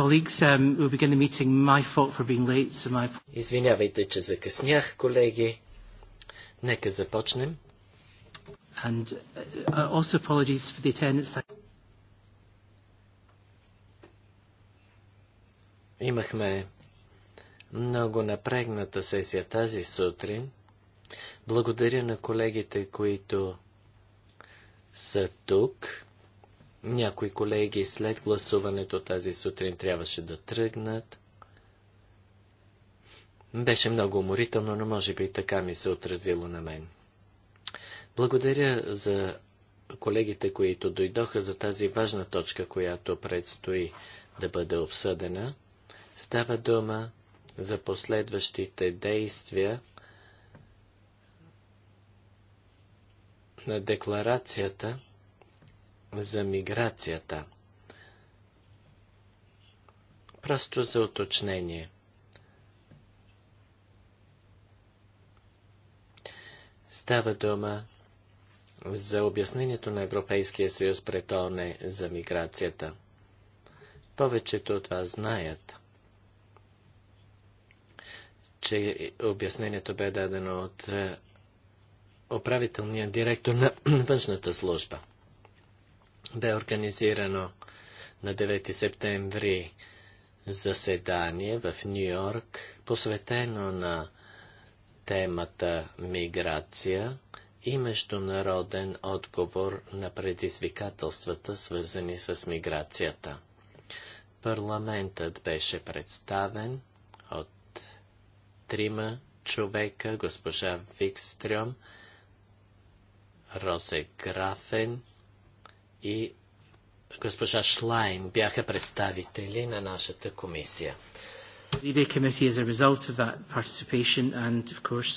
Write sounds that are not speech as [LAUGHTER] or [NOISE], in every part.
colleagues. Um, we'll begin the meeting. My fault for being late. So my... Извинявайте, че закъснях, колеги. Нека започнем. And uh, also apologies for the attendance. That... Имахме много напрегната сесия тази сутрин. Благодаря на колегите, които са тук. Някои колеги след гласуването тази сутрин трябваше да тръгнат. Беше много уморително, но може би и така ми се отразило на мен. Благодаря за колегите, които дойдоха за тази важна точка, която предстои да бъде обсъдена. Става дума за последващите действия на декларацията за миграцията. Просто за уточнение. Става дума за обяснението на Европейския съюз пред ОНЕ за миграцията. Повечето от вас знаят, че обяснението бе дадено от е, управителния директор на [CLEARS THROAT] външната служба бе организирано на 9 септември заседание в Нью-Йорк, посветено на темата миграция и международен отговор на предизвикателствата, свързани с миграцията. Парламентът беше представен от трима човека, госпожа Викстрем, Розе Графен и госпожа Шлайн бяха представители на нашата комисия. Libe Committee as a result of that participation, and of course,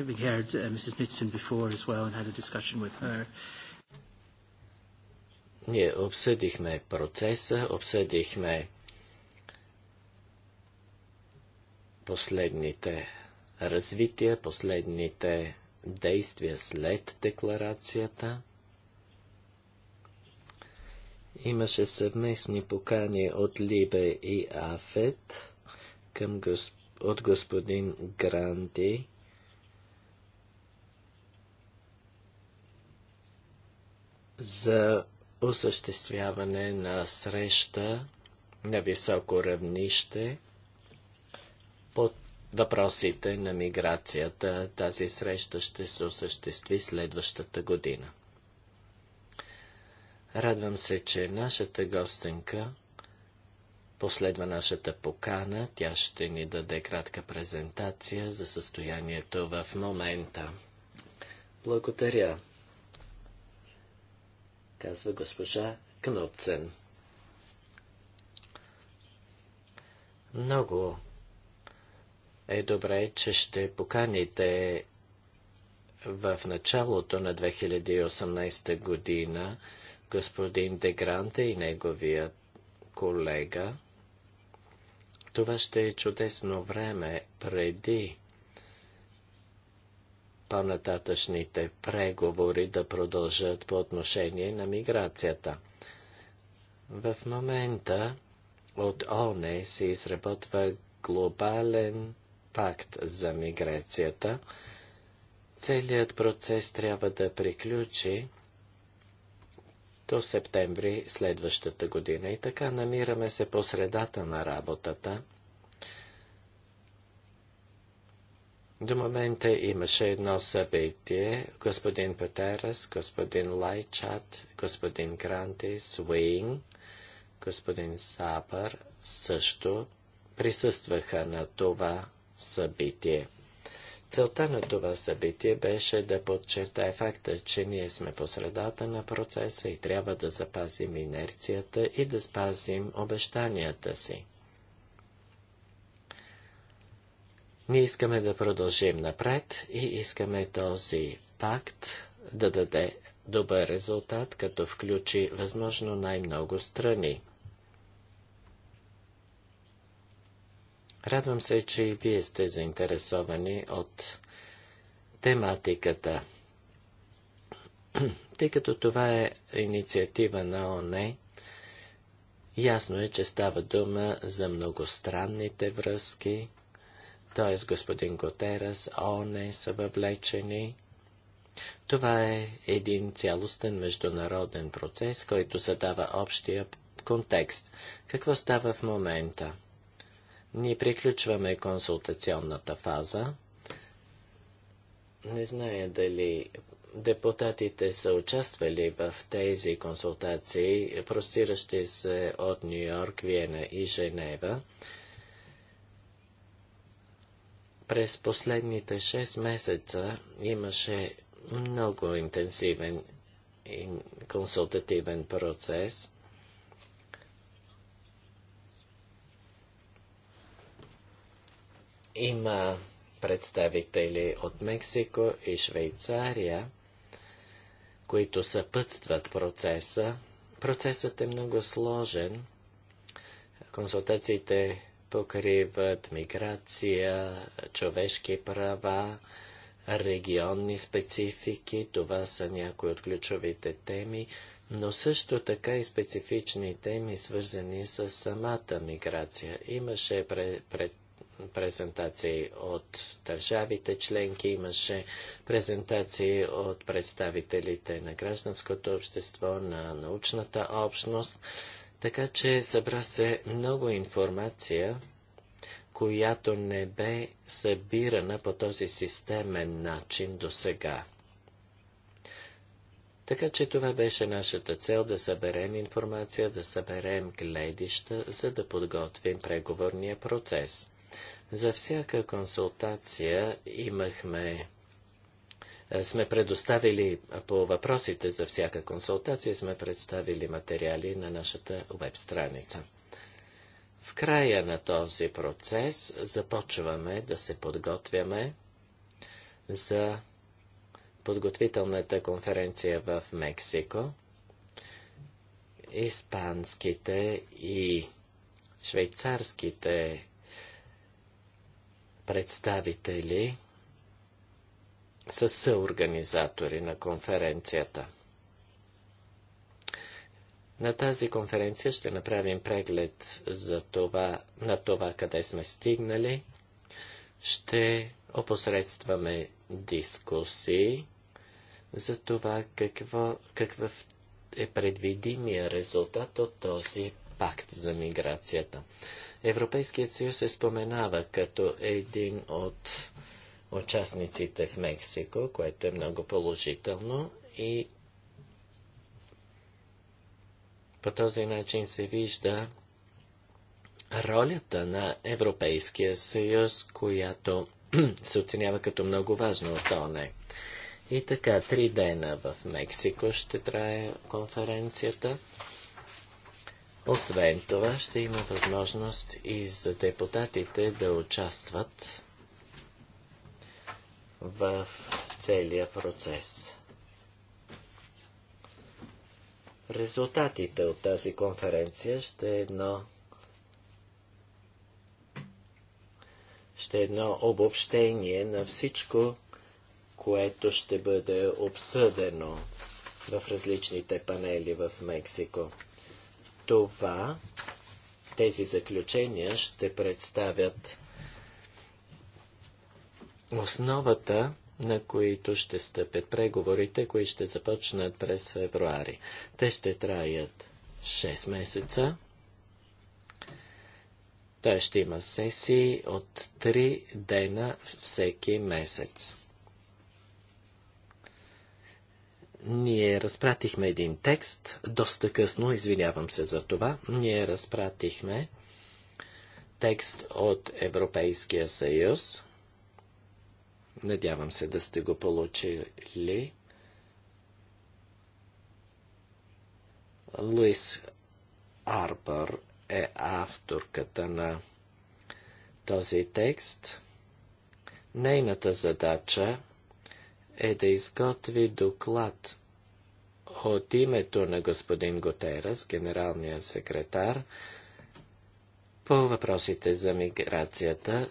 having heard uh, Mrs. Knudsen before as well and had a discussion with her. Ние обсъдихме процеса, обсъдихме последните развития, последните действия след декларацията. Имаше съвместни покани от Либе и Афет към госп... от господин Гранди. за осъществяване на среща на високо равнище под въпросите на миграцията. Тази среща ще се осъществи следващата година. Радвам се, че нашата гостенка последва нашата покана. Тя ще ни даде кратка презентация за състоянието в момента. Благодаря, казва госпожа Кноцен. Много е добре, че ще поканите в началото на 2018 година господин Дегранте и неговия колега. Това ще е чудесно време преди по-нататъчните преговори да продължат по отношение на миграцията. В момента от ОНЕ се изработва глобален пакт за миграцията. Целият процес трябва да приключи до септември следващата година. И така намираме се по средата на работата. До момента имаше едно събитие. Господин Петерас, господин Лайчат, господин Грантис, Уин, господин Сапър също присъстваха на това събитие. Целта на това събитие беше да подчертае факта, че ние сме по средата на процеса и трябва да запазим инерцията и да спазим обещанията си. Ние искаме да продължим напред и искаме този пакт да даде добър резултат, като включи възможно най-много страни. Радвам се, че и вие сте заинтересовани от тематиката. Тъй като това е инициатива на ОНЕ, ясно е, че става дума за многостранните връзки, т.е. господин Готерас, ОНЕ са въвлечени. Това е един цялостен международен процес, който задава общия контекст. Какво става в момента? Ние приключваме консултационната фаза. Не зная дали депутатите са участвали в тези консултации, простиращи се от Нью-Йорк, Виена и Женева. През последните 6 месеца имаше много интенсивен консултативен процес – Има представители от Мексико и Швейцария, които съпътстват процеса. Процесът е много сложен. Консултациите покриват миграция, човешки права, регионни специфики. Това са някои от ключовите теми, но също така и специфични теми, свързани с самата миграция. Имаше пред, пред презентации от държавите членки, имаше презентации от представителите на гражданското общество, на научната общност. Така че събра се много информация, която не бе събирана по този системен начин до сега. Така че това беше нашата цел да съберем информация, да съберем гледища, за да подготвим преговорния процес. За всяка консултация имахме е, сме предоставили по въпросите за всяка консултация, сме представили материали на нашата веб страница. В края на този процес започваме да се подготвяме за подготвителната конференция в Мексико. Испанските и швейцарските представители са съорганизатори на конференцията. На тази конференция ще направим преглед за това, на това къде сме стигнали. Ще опосредстваме дискусии за това какво, какъв е предвидимия резултат от този пакт за миграцията. Европейският съюз се споменава като един от участниците в Мексико, което е много положително и по този начин се вижда ролята на Европейския съюз, която [CLEARS THROAT] се оценява като много важна от ОНЕ. И така, три дена в Мексико ще трае конференцията. Освен това, ще има възможност и за депутатите да участват в целия процес. Резултатите от тази конференция ще е едно ще е едно обобщение на всичко, което ще бъде обсъдено в различните панели в Мексико това тези заключения ще представят основата, на които ще стъпят преговорите, които ще започнат през февруари. Те ще траят 6 месеца. Той ще има сесии от 3 дена всеки месец. Ние разпратихме един текст, доста късно, извинявам се за това. Ние разпратихме текст от Европейския съюз. Надявам се да сте го получили. Луис Арбър е авторката на този текст. Нейната задача е да изготви доклад от името на господин Готерас, генералния секретар, по въпросите за миграцията.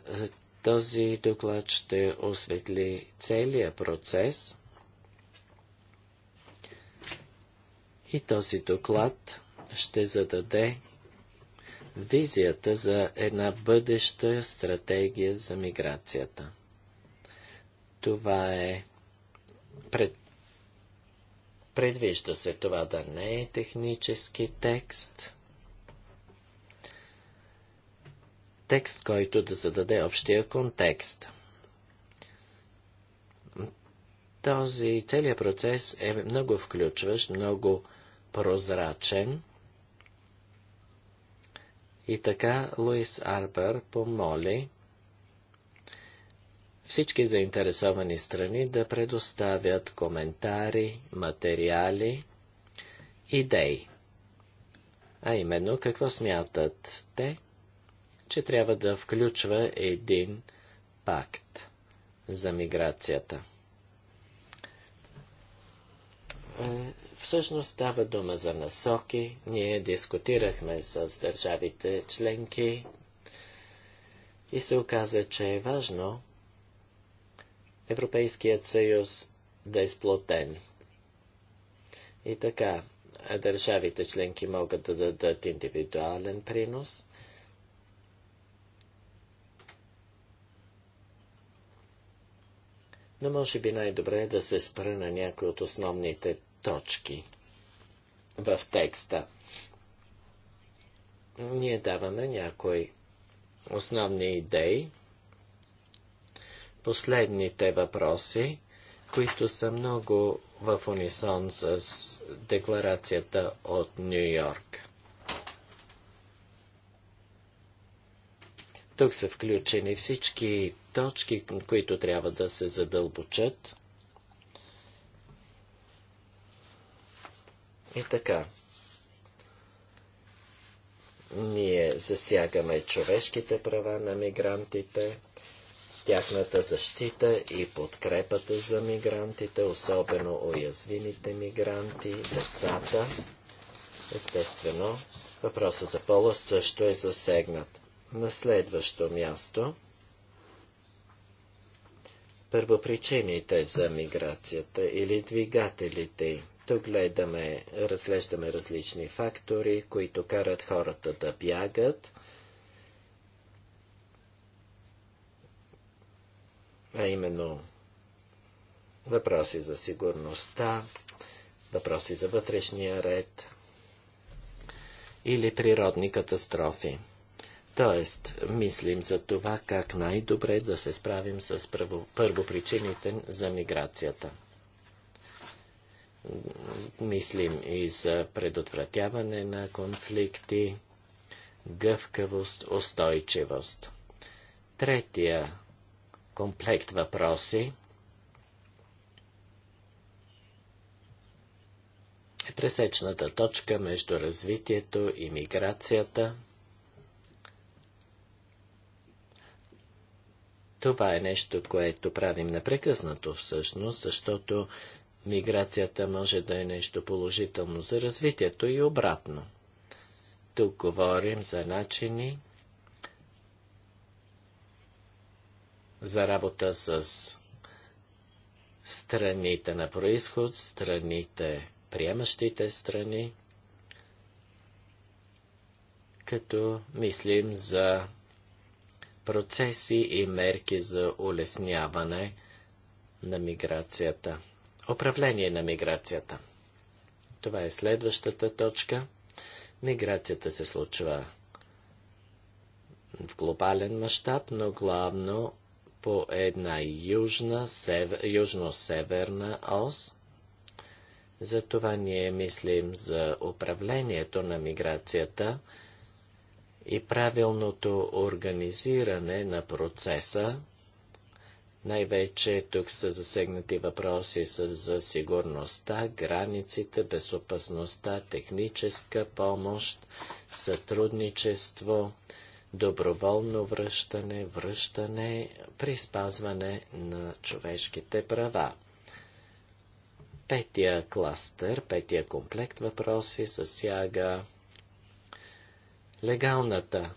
Този доклад ще осветли целият процес и този доклад ще зададе визията за една бъдеща стратегия за миграцията. Това е пред... Предвижда се това да не е технически текст. Текст, който да зададе общия контекст. Този целият процес е много включващ, много прозрачен. И така Луис Арбър помоли всички заинтересовани страни да предоставят коментари, материали, идеи. А именно, какво смятат те, че трябва да включва един пакт за миграцията. Е, всъщност става дума за насоки. Ние дискутирахме с държавите членки и се оказа, че е важно Европейският съюз да е сплотен. И така, държавите членки могат да дадат индивидуален принос. Но може би най-добре е да се спра на някои от основните точки в текста. Ние даваме някои основни идеи, последните въпроси, които са много в унисон с декларацията от Нью Йорк. Тук са включени всички точки, които трябва да се задълбочат. И така. Ние засягаме човешките права на мигрантите, тяхната защита и подкрепата за мигрантите, особено уязвимите мигранти, децата. Естествено, въпроса за пола също е засегнат. На следващо място първопричините за миграцията или двигателите. Тук гледаме, разглеждаме различни фактори, които карат хората да бягат – а именно въпроси за сигурността, въпроси за вътрешния ред или природни катастрофи. Тоест, мислим за това как най-добре да се справим с първо, първопричините за миграцията. Мислим и за предотвратяване на конфликти, гъвкавост, устойчивост. Третия комплект въпроси. е пресечната точка между развитието и миграцията. Това е нещо, което правим непрекъснато всъщност, защото миграцията може да е нещо положително за развитието и обратно. Тук говорим за начини за работа с страните на происход, страните, приемащите страни, като мислим за процеси и мерки за улесняване на миграцията. Управление на миграцията. Това е следващата точка. Миграцията се случва в глобален мащаб, но главно по една южна, сев... южно-северна ос. Затова ние мислим за управлението на миграцията и правилното организиране на процеса. Най-вече тук са засегнати въпроси за сигурността, границите, безопасността, техническа помощ, сътрудничество, доброволно връщане, връщане при спазване на човешките права. Петия кластър, петия комплект въпроси засяга легалната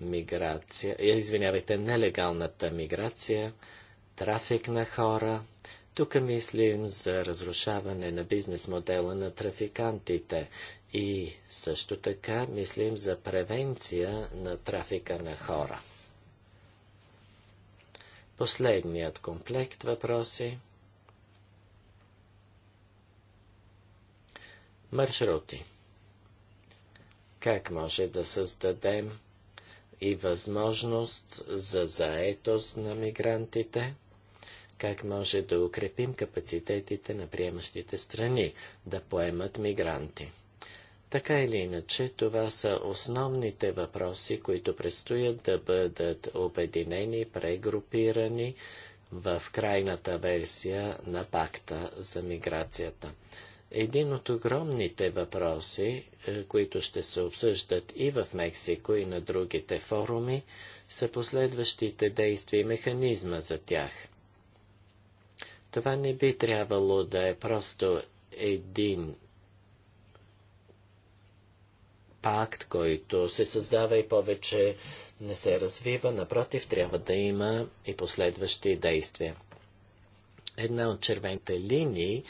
миграция, е, извинявайте, нелегалната миграция, трафик на хора. Тук мислим за разрушаване на бизнес модела на трафикантите. И също така мислим за превенция на трафика на хора. Последният комплект въпроси. Маршрути. Как може да създадем и възможност за заетост на мигрантите? Как може да укрепим капацитетите на приемащите страни да поемат мигранти? Така или иначе, това са основните въпроси, които предстоят да бъдат обединени, прегрупирани в крайната версия на пакта за миграцията. Един от огромните въпроси, е, които ще се обсъждат и в Мексико, и на другите форуми, са последващите действия и механизма за тях. Това не би трябвало да е просто един пакт, който се създава и повече не се развива. Напротив, трябва да има и последващи действия. Една от червените линии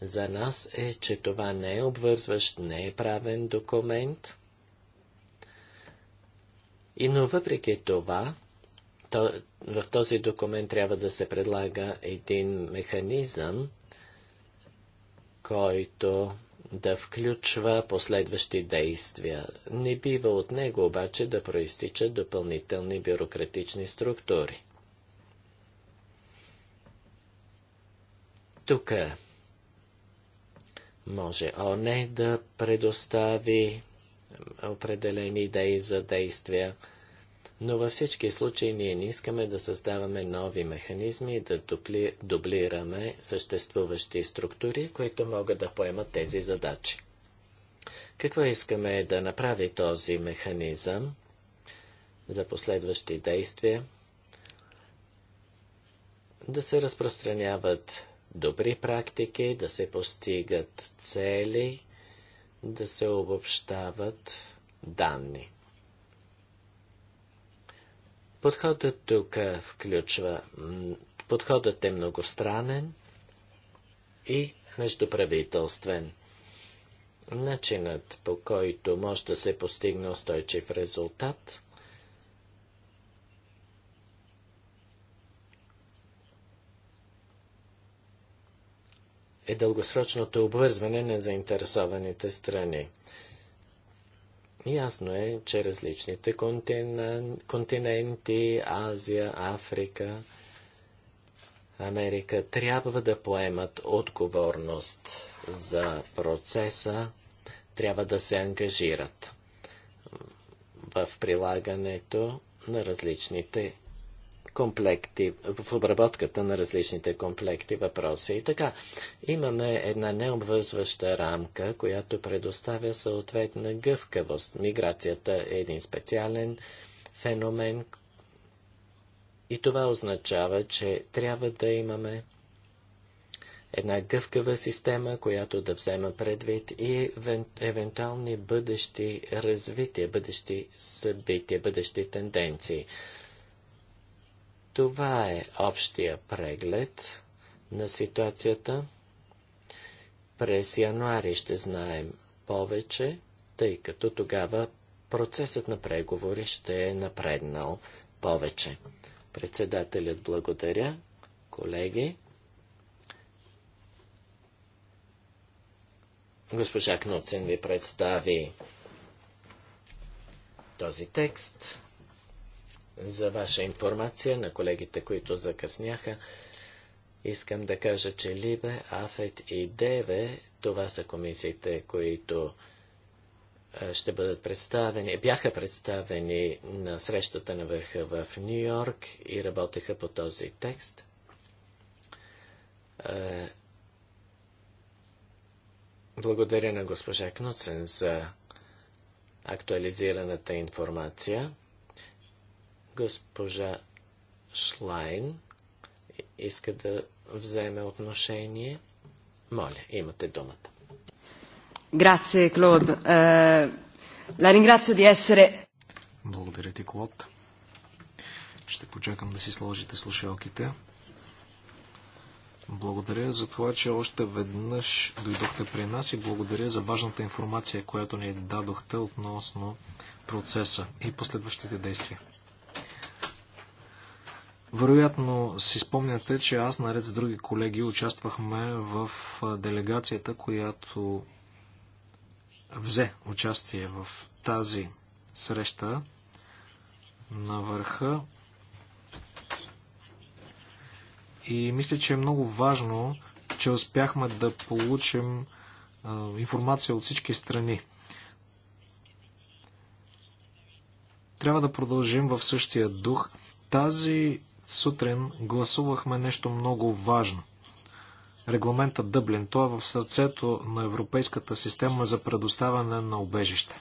за нас е, че това не е обвързващ, не е правен документ. И но въпреки това, то, в този документ трябва да се предлага един механизъм, който да включва последващи действия. Не бива от него обаче да проистичат допълнителни бюрократични структури. Тук може ОНЕ да предостави определени идеи за действия. Но във всички случаи ние не искаме да създаваме нови механизми и да дупли, дублираме съществуващи структури, които могат да поемат тези задачи. Какво искаме да направи този механизъм за последващи действия? Да се разпространяват добри практики, да се постигат цели, да се обобщават данни. Подходът тук включва, подходът е многостранен и междуправителствен. Начинът по който може да се постигне устойчив резултат е дългосрочното обвързване на заинтересованите страни. Ясно е, че различните континен... континенти, Азия, Африка, Америка трябва да поемат отговорност за процеса, трябва да се ангажират в прилагането на различните комплекти, в обработката на различните комплекти, въпроси и така. Имаме една необвързваща рамка, която предоставя съответна гъвкавост. Миграцията е един специален феномен и това означава, че трябва да имаме една гъвкава система, която да взема предвид и евентуални бъдещи развития, бъдещи събития, бъдещи тенденции. Това е общия преглед на ситуацията. През януари ще знаем повече, тъй като тогава процесът на преговори ще е напреднал повече. Председателят благодаря. Колеги, госпожа Кноцин ви представи този текст. За ваша информация на колегите, които закъсняха, искам да кажа, че Либе, Афет и Деве, това са комисиите, които ще бъдат представени, бяха представени на срещата на върха в Нью Йорк и работеха по този текст. Благодаря на госпожа Кноцен за актуализираната информация. Госпожа Шлайн иска да вземе отношение. Моля, имате думата. Грация, Клод. La ringrazio di essere... Благодаря ти, Клод. Ще почакам да си сложите слушалките. Благодаря за това, че още веднъж дойдохте при нас и благодаря за важната информация, която ни дадохте относно процеса и последващите действия. Вероятно си спомняте, че аз наред с други колеги участвахме в делегацията, която взе участие в тази среща на върха. И мисля, че е много важно, че успяхме да получим информация от всички страни. Трябва да продължим в същия дух. Тази сутрин гласувахме нещо много важно. Регламента Дъблин. Той е в сърцето на Европейската система за предоставяне на убежище.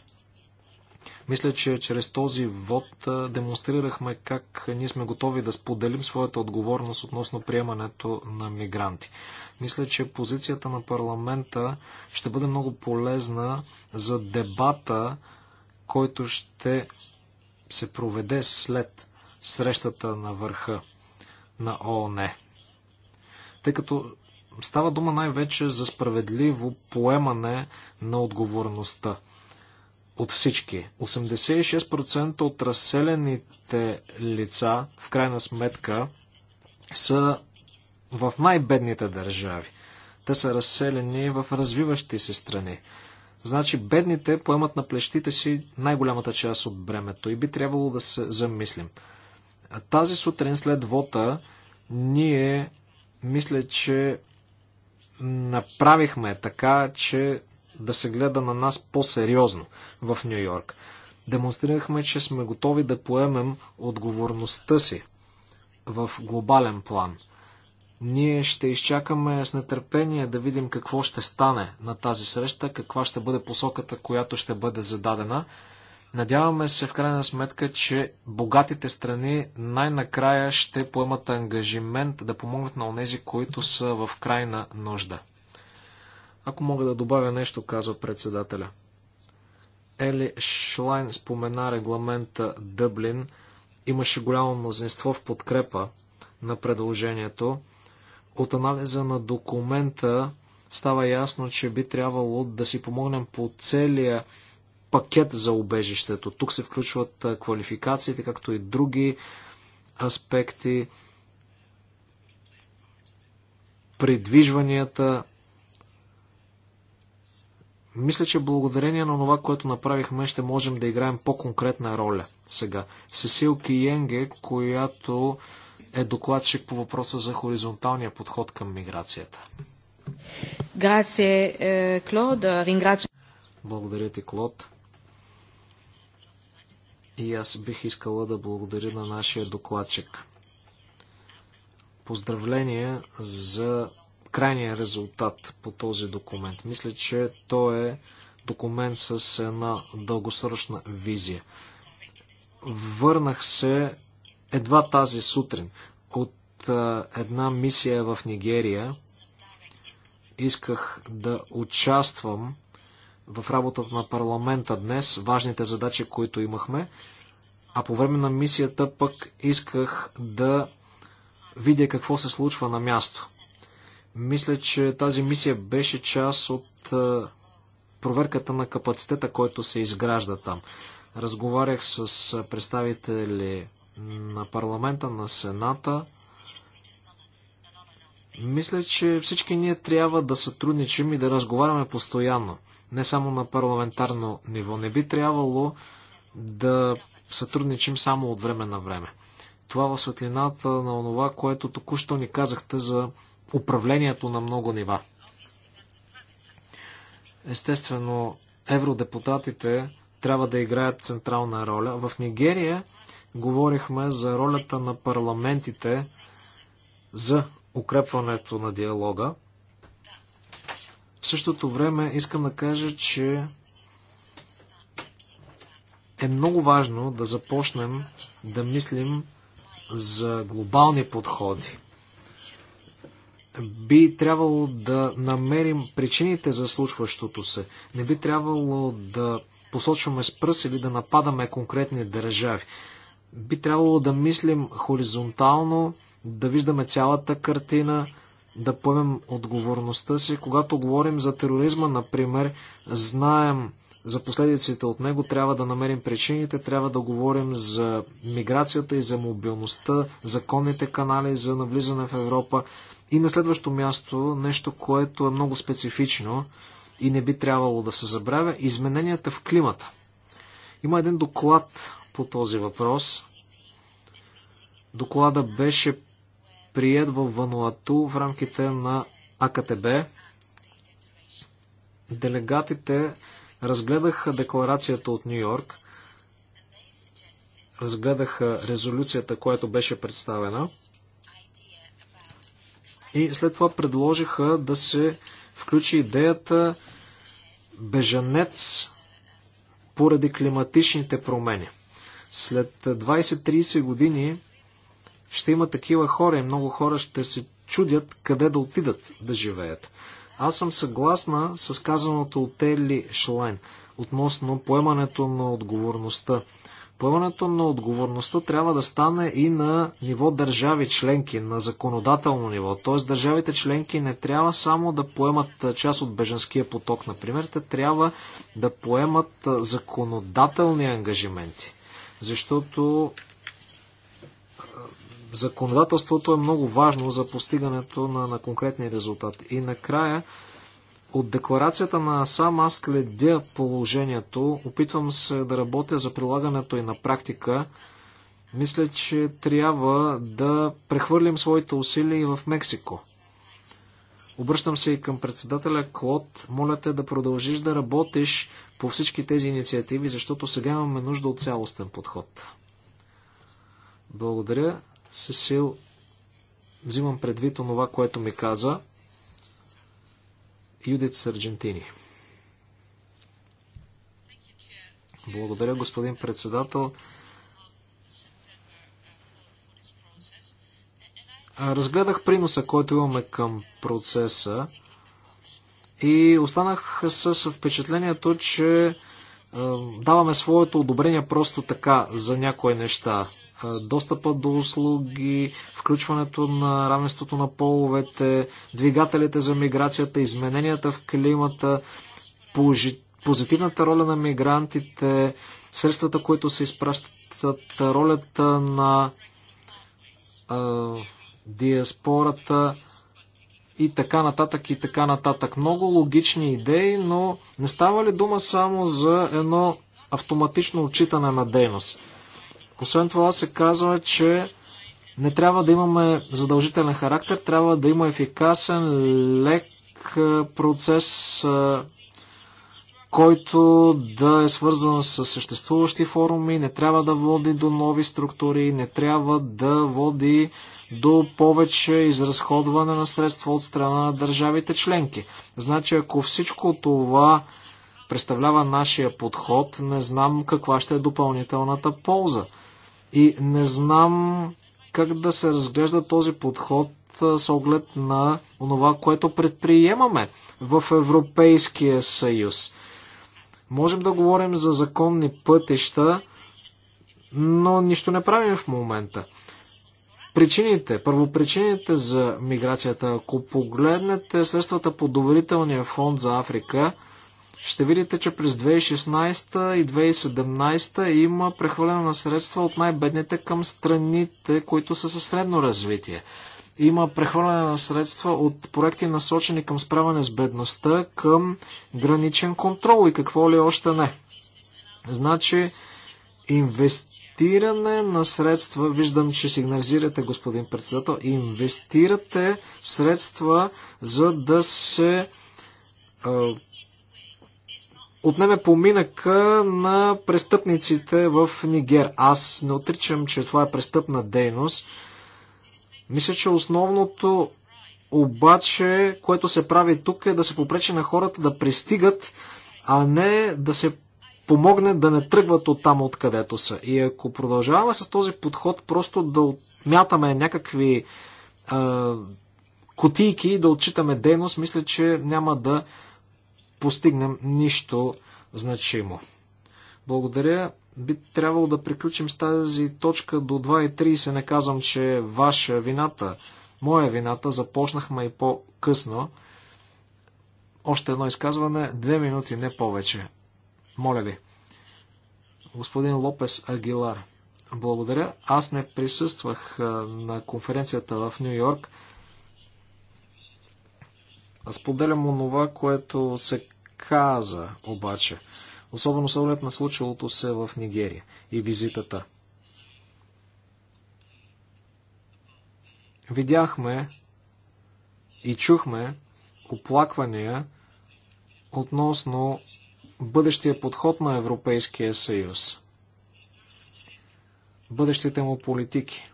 Мисля, че чрез този вод демонстрирахме как ние сме готови да споделим своята отговорност относно приемането на мигранти. Мисля, че позицията на парламента ще бъде много полезна за дебата, който ще се проведе след срещата на върха на ООН. Тъй като става дума най-вече за справедливо поемане на отговорността от всички. 86% от разселените лица, в крайна сметка, са в най-бедните държави. Те са разселени в развиващи се страни. Значи бедните поемат на плещите си най-голямата част от бремето и би трябвало да се замислим. Тази сутрин след вота ние мисля, че направихме така, че да се гледа на нас по-сериозно в Нью Йорк. Демонстрирахме, че сме готови да поемем отговорността си в глобален план. Ние ще изчакаме с нетърпение да видим какво ще стане на тази среща, каква ще бъде посоката, която ще бъде зададена. Надяваме се в крайна сметка, че богатите страни най-накрая ще поемат ангажимент да помогнат на онези, които са в крайна нужда. Ако мога да добавя нещо, казва председателя. Ели Шлайн спомена регламента Дъблин. Имаше голямо мнозинство в подкрепа на предложението. От анализа на документа става ясно, че би трябвало да си помогнем по целия пакет за убежището. Тук се включват квалификациите, както и други аспекти, придвижванията. Мисля, че благодарение на това, което направихме, ще можем да играем по-конкретна роля сега. Сесил Киенге, която е докладчик по въпроса за хоризонталния подход към миграцията. Е, Благодаря ти, Клод. И аз бих искала да благодаря на нашия докладчик. Поздравления за крайния резултат по този документ. Мисля, че той е документ с една дългосрочна визия. Върнах се едва тази сутрин от една мисия в Нигерия. Исках да участвам в работата на парламента днес, важните задачи, които имахме, а по време на мисията пък исках да видя какво се случва на място. Мисля, че тази мисия беше част от е, проверката на капацитета, който се изгражда там. Разговарях с представители на парламента, на Сената. Мисля, че всички ние трябва да сътрудничим и да разговаряме постоянно не само на парламентарно ниво. Не би трябвало да сътрудничим само от време на време. Това в светлината на онова, което току-що ни казахте за управлението на много нива. Естествено, евродепутатите трябва да играят централна роля. В Нигерия говорихме за ролята на парламентите за укрепването на диалога. В същото време искам да кажа, че е много важно да започнем да мислим за глобални подходи. Би трябвало да намерим причините за случващото се. Не би трябвало да посочваме с пръст или да нападаме конкретни държави. Би трябвало да мислим хоризонтално, да виждаме цялата картина, да поемем отговорността си. Когато говорим за тероризма, например, знаем за последиците от него, трябва да намерим причините, трябва да говорим за миграцията и за мобилността, законните канали за навлизане в Европа. И на следващо място, нещо, което е много специфично и не би трябвало да се забравя, измененията в климата. Има един доклад по този въпрос. Доклада беше прият в Вануату в рамките на АКТБ. Делегатите разгледаха декларацията от Нью Йорк, разгледаха резолюцията, която беше представена и след това предложиха да се включи идеята бежанец поради климатичните промени. След 20-30 години ще има такива хора и много хора ще се чудят къде да отидат да живеят. Аз съм съгласна с казаното от Ели Шлайн относно поемането на отговорността. Поемането на отговорността трябва да стане и на ниво държави членки, на законодателно ниво. Т.е. държавите членки не трябва само да поемат част от беженския поток, например, те трябва да поемат законодателни ангажименти. Защото Законодателството е много важно за постигането на, на конкретни резултати. И накрая, от декларацията на сам аз следя положението, опитвам се да работя за прилагането и на практика. Мисля, че трябва да прехвърлим своите усилия и в Мексико. Обръщам се и към председателя Клод. Моля те да продължиш да работиш по всички тези инициативи, защото сега имаме нужда от цялостен подход. Благодаря. Сесил, взимам предвид онова, което ми каза Юдит Сарджентини. Благодаря, господин председател. Разгледах приноса, който имаме към процеса и останах с впечатлението, че даваме своето одобрение просто така за някои неща. Е, достъпа до услуги, включването на равенството на половете, двигателите за миграцията, измененията в климата, позитивната роля на мигрантите, средствата, които се изпращат, ролята на а, е, диаспората и така нататък и така нататък. Много логични идеи, но не става ли дума само за едно автоматично отчитане на дейност? Освен това се казва, че не трябва да имаме задължителен характер, трябва да има ефикасен, лек процес, който да е свързан с съществуващи форуми, не трябва да води до нови структури, не трябва да води до повече изразходване на средства от страна на държавите членки. Значи, ако всичко това представлява нашия подход, не знам каква ще е допълнителната полза. И не знам как да се разглежда този подход с оглед на това, което предприемаме в Европейския съюз. Можем да говорим за законни пътища, но нищо не правим в момента. Причините, първопричините за миграцията, ако погледнете средствата по доверителния фонд за Африка, ще видите, че през 2016 и 2017 има прехвърляне на средства от най-бедните към страните, които са със средно развитие. Има прехвърляне на средства от проекти насочени към справяне с бедността, към граничен контрол и какво ли още не. Значи, инвестиране на средства, виждам, че сигнализирате, господин председател, инвестирате средства, за да се отнеме е поминъка на престъпниците в Нигер. Аз не отричам, че това е престъпна дейност. Мисля, че основното обаче, което се прави тук е да се попречи на хората да пристигат, а не да се помогне да не тръгват от там, откъдето са. И ако продължаваме с този подход, просто да отмятаме някакви а, кутийки и да отчитаме дейност, мисля, че няма да постигнем нищо значимо. Благодаря. Би трябвало да приключим с тази точка до 2.30. Не казвам, че е ваша вината. Моя вината. Започнахме и по-късно. Още едно изказване. Две минути, не повече. Моля ви. Господин Лопес Агилар. Благодаря. Аз не присъствах на конференцията в Нью Йорк. Споделям онова, което се каза обаче, особено с оглед на случилото се в Нигерия и визитата. Видяхме и чухме оплаквания относно бъдещия подход на Европейския съюз, бъдещите му политики.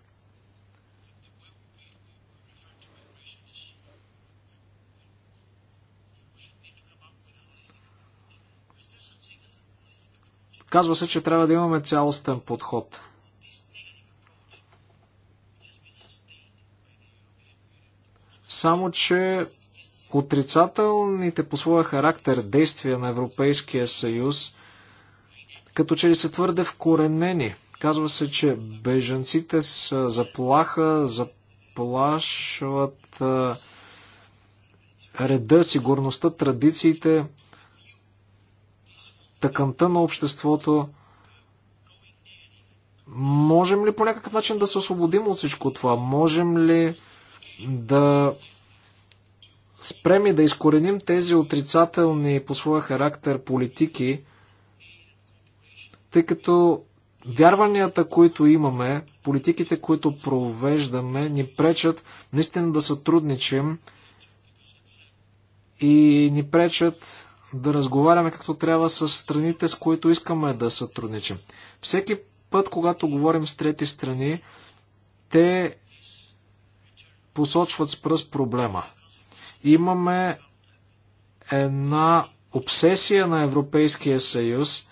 Казва се, че трябва да имаме цялостен подход. Само, че отрицателните по своя характер действия на Европейския съюз като че ли са твърде вкоренени. Казва се, че бежанците са заплаха, заплашват реда, сигурността, традициите тъканта на обществото. Можем ли по някакъв начин да се освободим от всичко това? Можем ли да спрем и да изкореним тези отрицателни по своя характер политики, тъй като вярванията, които имаме, политиките, които провеждаме, ни пречат наистина да сътрудничим и ни пречат да разговаряме както трябва с страните, с които искаме да сътрудничим. Всеки път, когато говорим с трети страни, те посочват с пръст проблема. Имаме една обсесия на Европейския съюз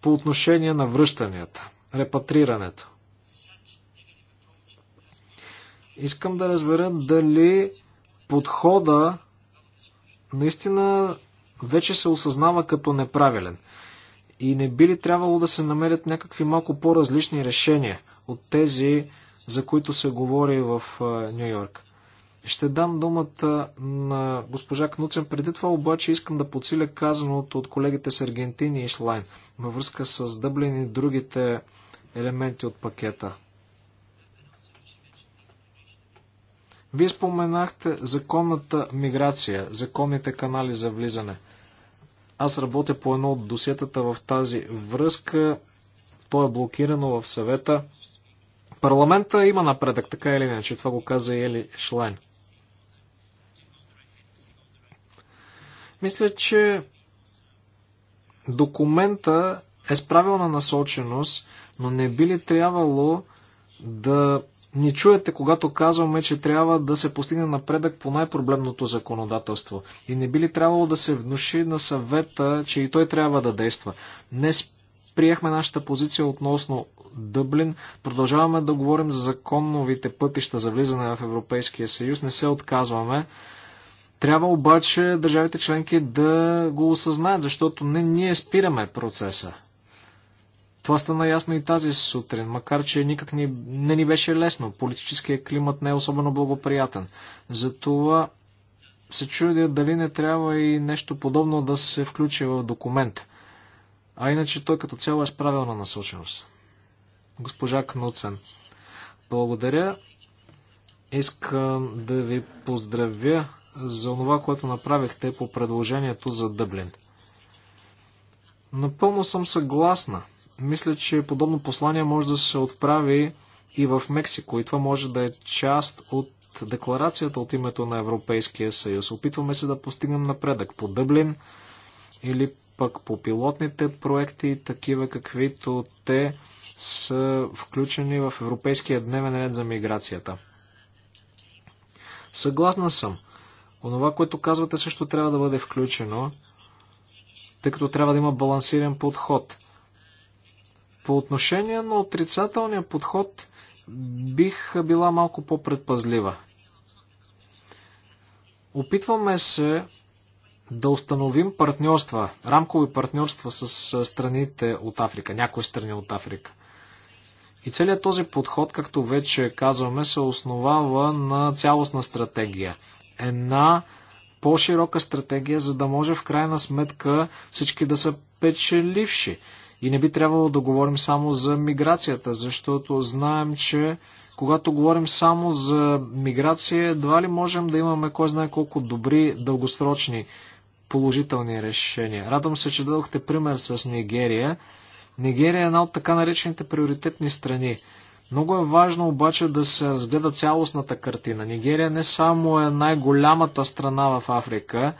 по отношение на връщанията, репатрирането. Искам да разбера дали подхода наистина вече се осъзнава като неправилен. И не би ли трябвало да се намерят някакви малко по-различни решения от тези, за които се говори в Нью Йорк? Ще дам думата на госпожа Кнуцен. Преди това обаче искам да подсиля казаното от колегите с Аргентини и Шлайн във връзка с Дъблин и другите елементи от пакета. Вие споменахте законната миграция, законните канали за влизане. Аз работя по едно от досетата в тази връзка. То е блокирано в съвета. Парламента има напредък, така или иначе. Това го каза и Ели Шлайн. Мисля, че документа е с правилна насоченост, но не би ли трябвало да ни чуете, когато казваме, че трябва да се постигне напредък по най-проблемното законодателство. И не би ли трябвало да се внуши на съвета, че и той трябва да действа? Днес приехме нашата позиция относно Дъблин. Продължаваме да говорим за законовите пътища за влизане в Европейския съюз. Не се отказваме. Трябва обаче държавите членки да го осъзнаят, защото не ние спираме процеса. Това стана ясно и тази сутрин, макар че никак ни, не ни беше лесно. Политическият климат не е особено благоприятен. Затова се чудя дали не трябва и нещо подобно да се включи в документа. А иначе той като цяло е с правилна насоченост. Госпожа Кнуцен, благодаря. Искам да ви поздравя за това, което направихте по предложението за Дъблин. Напълно съм съгласна мисля, че подобно послание може да се отправи и в Мексико. И това може да е част от декларацията от името на Европейския съюз. Опитваме се да постигнем напредък по Дъблин или пък по пилотните проекти, такива каквито те са включени в Европейския дневен ред за миграцията. Съгласна съм. Онова, което казвате, също трябва да бъде включено, тъй като трябва да има балансиран подход – по отношение на отрицателния подход бих била малко по-предпазлива. Опитваме се да установим партньорства, рамкови партньорства с страните от Африка, някои страни от Африка. И целият този подход, както вече казваме, се основава на цялостна стратегия. Една по-широка стратегия, за да може в крайна сметка всички да са печеливши. И не би трябвало да говорим само за миграцията, защото знаем, че когато говорим само за миграция, едва ли можем да имаме кой знае колко добри дългосрочни положителни решения. Радвам се, че дадохте пример с Нигерия. Нигерия е една от така наречените приоритетни страни. Много е важно обаче да се разгледа цялостната картина. Нигерия не само е най-голямата страна в Африка,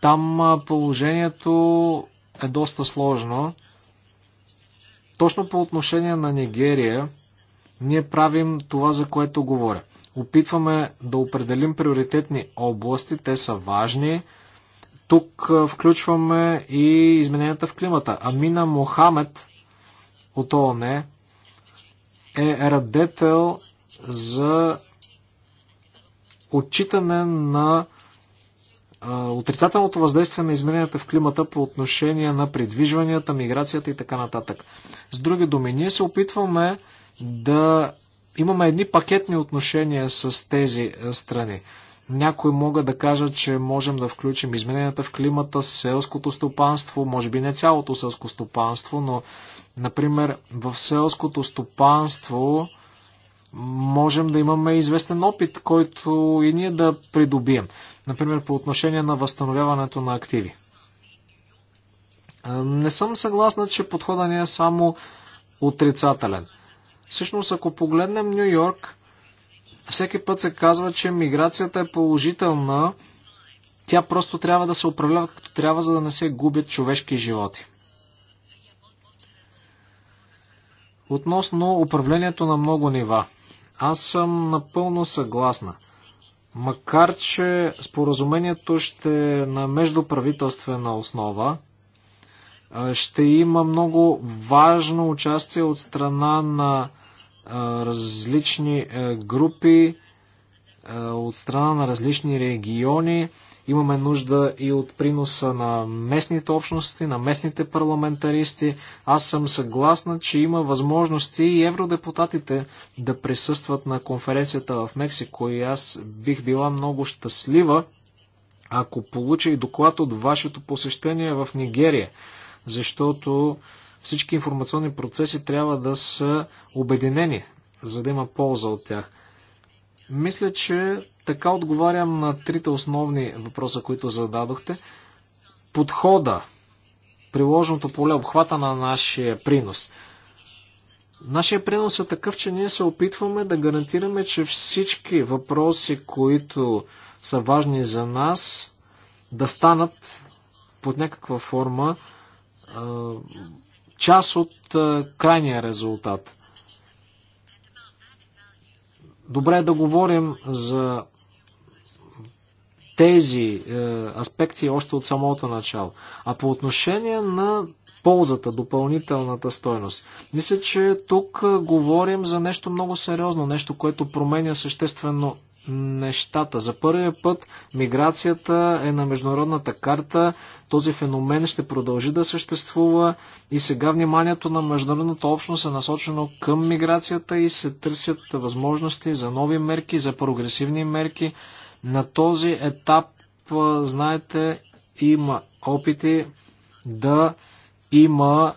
там положението е доста сложно. Точно по отношение на Нигерия, ние правим това, за което говоря. Опитваме да определим приоритетни области, те са важни. Тук включваме и измененията в климата. Амина Мохамед от ООН е радетел за отчитане на отрицателното въздействие на измененията в климата по отношение на придвижванията, миграцията и така нататък. С други думи, ние се опитваме да имаме едни пакетни отношения с тези е, страни. Някои могат да кажат, че можем да включим измененията в климата, селското стопанство, може би не цялото селско стопанство, но, например, в селското стопанство можем да имаме известен опит, който и ние да придобием. Например, по отношение на възстановяването на активи. Не съм съгласна, че подходът ни е само отрицателен. Всъщност, ако погледнем Нью Йорк, всеки път се казва, че миграцията е положителна. Тя просто трябва да се управлява както трябва, за да не се губят човешки животи. Относно управлението на много нива. Аз съм напълно съгласна. Макар, че споразумението ще е на междуправителствена основа, ще има много важно участие от страна на различни групи, от страна на различни региони. Имаме нужда и от приноса на местните общности, на местните парламентаристи. Аз съм съгласна, че има възможности и евродепутатите да присъстват на конференцията в Мексико и аз бих била много щастлива, ако получа и доклад от вашето посещение в Нигерия, защото всички информационни процеси трябва да са обединени, за да има полза от тях. Мисля, че така отговарям на трите основни въпроса, които зададохте. Подхода, приложното поле, обхвата на нашия принос. Нашия принос е такъв, че ние се опитваме да гарантираме, че всички въпроси, които са важни за нас, да станат под някаква форма част от крайния резултат. Добре е да говорим за тези е, аспекти още от самото начало. А по отношение на ползата, допълнителната стойност, мисля, че тук е, говорим за нещо много сериозно, нещо, което променя съществено нещата. За първия път миграцията е на международната карта. Този феномен ще продължи да съществува и сега вниманието на международната общност е насочено към миграцията и се търсят възможности за нови мерки, за прогресивни мерки. На този етап, знаете, има опити да има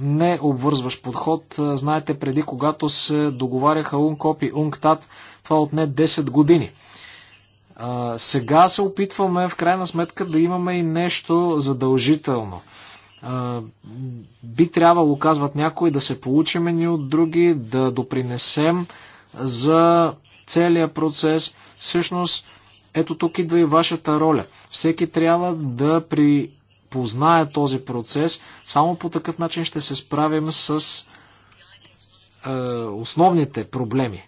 не обвързващ подход. Знаете, преди когато се договаряха УНКОП и УНКТАТ, това отне 10 години. А, сега се опитваме в крайна сметка да имаме и нещо задължително. А, би трябвало, казват някои, да се получиме ни от други, да допринесем за целият процес. Всъщност, ето тук идва и вашата роля. Всеки трябва да при познае този процес. Само по такъв начин ще се справим с е, основните проблеми.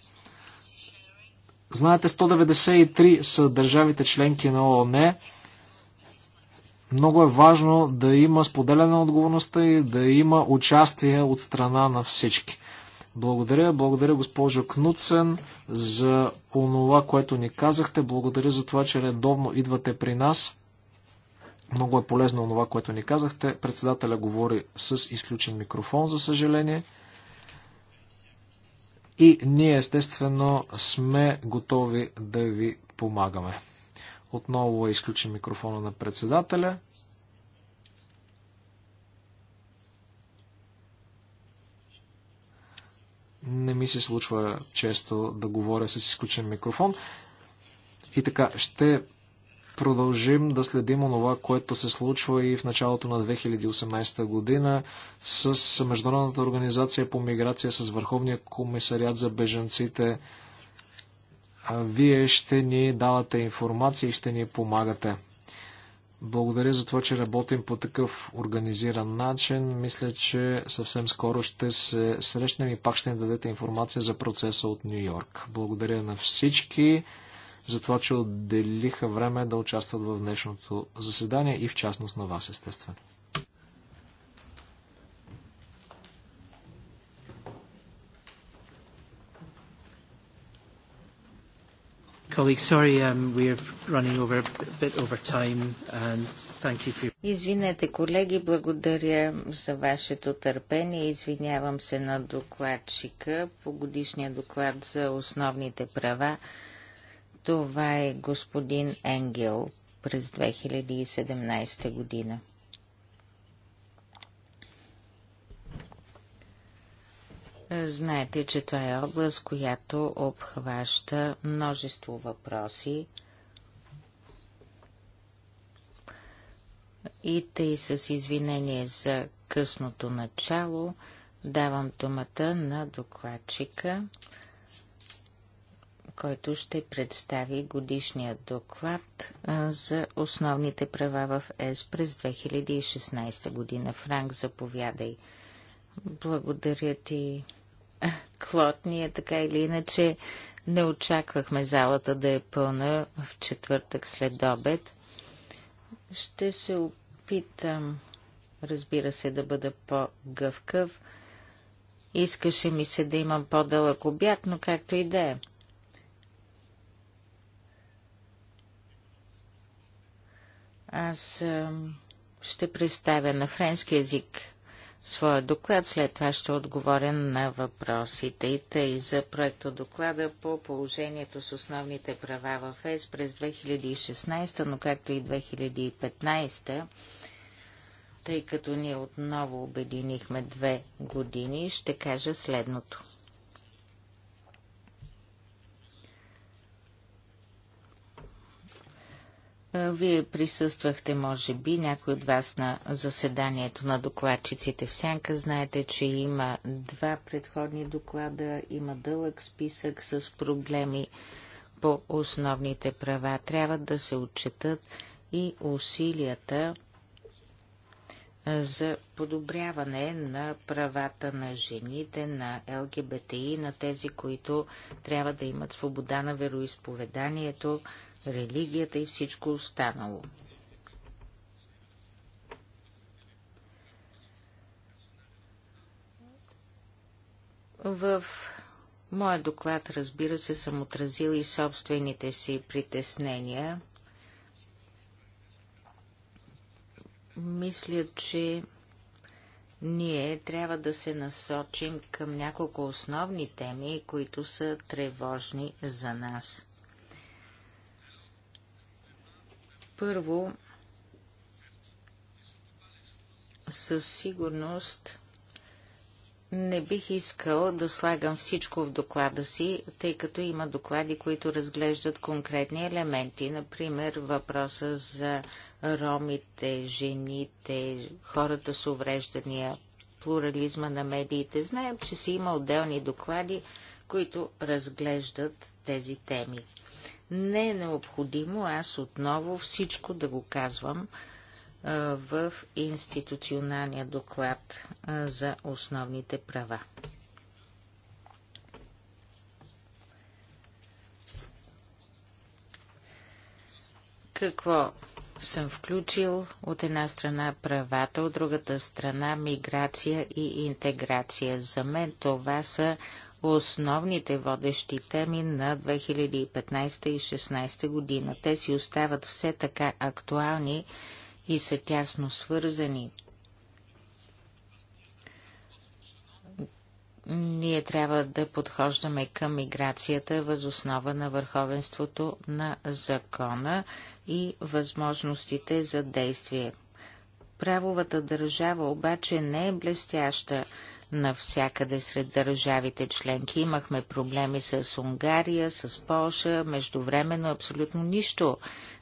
Знаете, 193 са държавите членки на ООН. Много е важно да има споделяне на отговорността и да има участие от страна на всички. Благодаря, благодаря госпожо Кнуцен за онова, което ни казахте. Благодаря за това, че редовно идвате при нас. Много е полезно това, което ни казахте. Председателя говори с изключен микрофон, за съжаление. И ние естествено сме готови да ви помагаме. Отново е изключен микрофона на председателя. Не ми се случва често да говоря с изключен микрофон. И така, ще продължим да следим онова, което се случва и в началото на 2018 година с Международната организация по миграция, с Върховния комисариат за беженците. Вие ще ни давате информация и ще ни помагате. Благодаря за това, че работим по такъв организиран начин. Мисля, че съвсем скоро ще се срещнем и пак ще ни дадете информация за процеса от Нью Йорк. Благодаря на всички за това, че отделиха време да участват в днешното заседание и в частност на вас, естествено. Um, Извинете, колеги, благодаря за вашето търпение. Извинявам се на докладчика по годишния доклад за основните права това е господин Енгел през 2017 година. Знаете, че това е област, която обхваща множество въпроси и тъй с извинение за късното начало давам думата на докладчика който ще представи годишния доклад за основните права в ЕС през 2016 година. Франк, заповядай. Благодаря ти, Клод. Ние така или иначе не очаквахме залата да е пълна в четвъртък след обед. Ще се опитам, разбира се, да бъда по-гъвкав. Искаше ми се да имам по-дълъг обяд, но както и да е. Аз ще представя на френски язик своя доклад, след това ще отговоря на въпросите и тъй за проекта доклада по положението с основните права в ЕС през 2016, но както и 2015, тъй като ние отново обединихме две години, ще кажа следното. Вие присъствахте, може би, някой от вас на заседанието на докладчиците в Сянка. Знаете, че има два предходни доклада, има дълъг списък с проблеми по основните права. Трябва да се отчетат и усилията за подобряване на правата на жените, на ЛГБТИ, на тези, които трябва да имат свобода на вероисповеданието, религията и всичко останало. В моя доклад, разбира се, съм отразил и собствените си притеснения. Мисля, че ние трябва да се насочим към няколко основни теми, които са тревожни за нас. Първо, със сигурност не бих искал да слагам всичко в доклада си, тъй като има доклади, които разглеждат конкретни елементи, например въпроса за ромите, жените, хората с увреждания, плурализма на медиите. Знаем, че си има отделни доклади, които разглеждат тези теми. Не е необходимо аз отново всичко да го казвам в институционалния доклад за основните права. Какво съм включил от една страна правата, от другата страна миграция и интеграция. За мен това са основните водещи теми на 2015 и 2016 година. Те си остават все така актуални и са тясно свързани. Ние трябва да подхождаме към миграцията възоснова на върховенството на закона и възможностите за действие. Правовата държава обаче не е блестяща навсякъде сред държавите членки. Имахме проблеми с Унгария, с Польша. Междувременно абсолютно нищо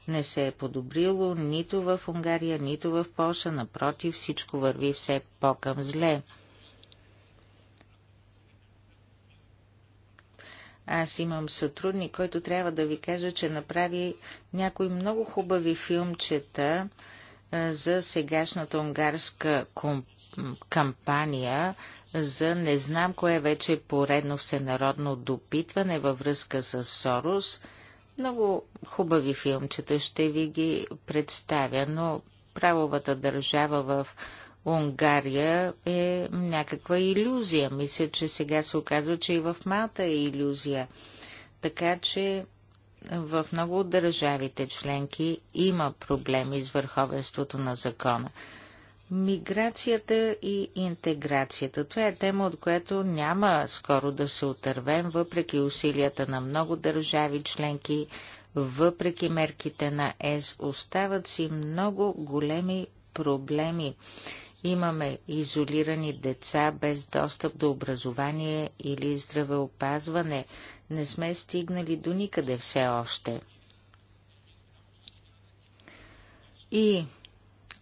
не се е подобрило нито в Унгария, нито в Польша, Напротив, всичко върви все по-към зле. Аз имам сътрудник, който трябва да ви кажа, че направи някои много хубави филмчета за сегашната унгарска кампания за не знам кое вече поредно всенародно допитване във връзка с Сорос. Много хубави филмчета ще ви ги представя, но правовата държава в Унгария е някаква иллюзия. Мисля, че сега се оказва, че и в Малта е иллюзия. Така че в много от държавите членки има проблеми с върховенството на закона. Миграцията и интеграцията. Това е тема, от която няма скоро да се отървем, въпреки усилията на много държави членки, въпреки мерките на ЕС. Остават си много големи проблеми. Имаме изолирани деца без достъп до образование или здравеопазване. Не сме стигнали до никъде все още. И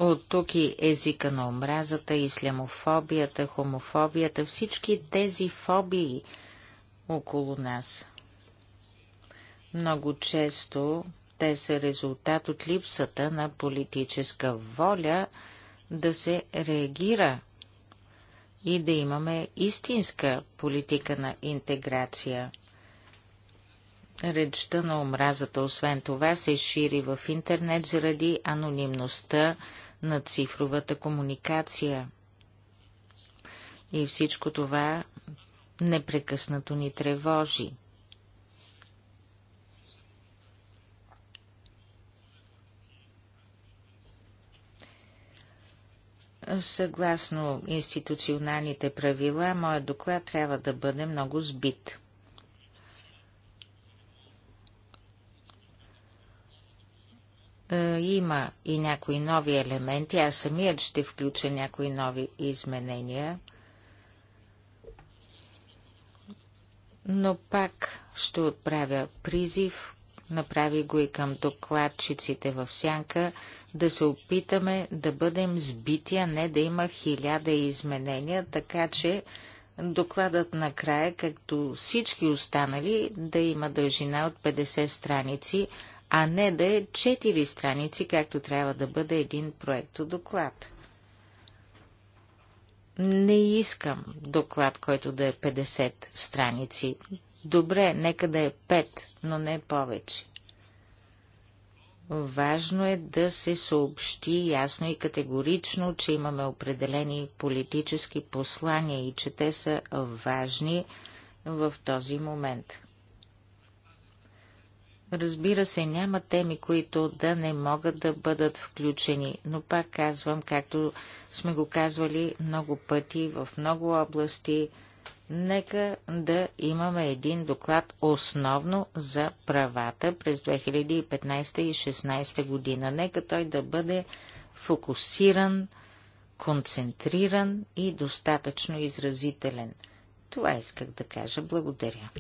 от тук и езика на омразата, ислямофобията, хомофобията, всички тези фобии около нас. Много често те са резултат от липсата на политическа воля да се реагира и да имаме истинска политика на интеграция. Речта на омразата, освен това, се шири в интернет заради анонимността на цифровата комуникация. И всичко това непрекъснато ни тревожи. Съгласно институционалните правила, моят доклад трябва да бъде много сбит. Е, има и някои нови елементи. Аз самият ще включа някои нови изменения. Но пак ще отправя призив, направи го и към докладчиците в сянка, да се опитаме да бъдем сбити, а не да има хиляда изменения, така че докладът накрая, както всички останали, да има дължина от 50 страници, а не да е четири страници, както трябва да бъде един проектодоклад. Не искам доклад, който да е 50 страници. Добре, нека да е 5, но не повече. Важно е да се съобщи ясно и категорично, че имаме определени политически послания и че те са важни в този момент. Разбира се, няма теми, които да не могат да бъдат включени, но пак казвам, както сме го казвали много пъти в много области, нека да имаме един доклад основно за правата през 2015 и 2016 година. Нека той да бъде фокусиран, концентриран и достатъчно изразителен. Това исках да кажа. Благодаря.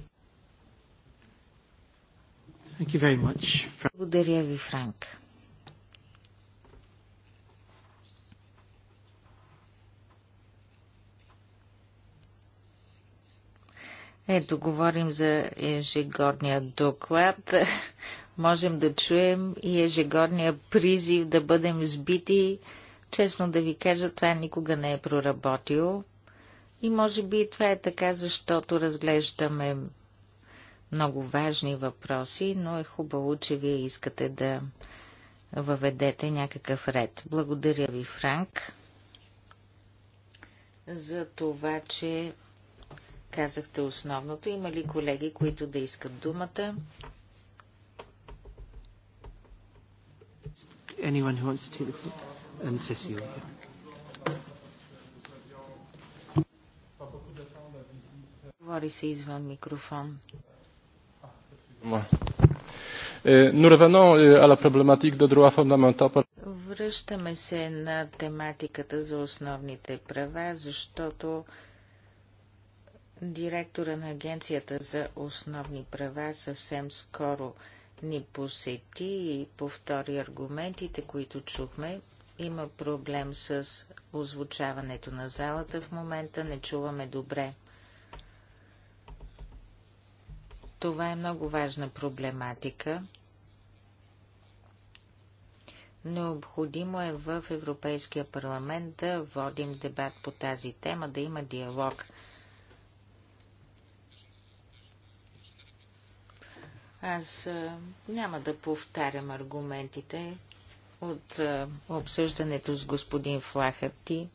Благодаря ви, Франк. Ето, говорим за ежегодния доклад. Можем да чуем и ежегодния призив да бъдем сбити. Честно да ви кажа, това никога не е проработил. И може би това е така, защото разглеждаме много важни въпроси, но е хубаво, че вие искате да въведете някакъв ред. Благодаря ви, Франк, за това, че казахте основното. Има ли колеги, които да искат думата? Anyone who wants to take the Говори се извън микрофон. Е, е, Връщаме се на тематиката за основните права, защото директора на Агенцията за основни права съвсем скоро ни посети и повтори аргументите, които чухме. Има проблем с озвучаването на залата в момента, не чуваме добре. Това е много важна проблематика. Необходимо е в Европейския парламент да водим дебат по тази тема, да има диалог. Аз няма да повтарям аргументите от обсъждането с господин Флахарти.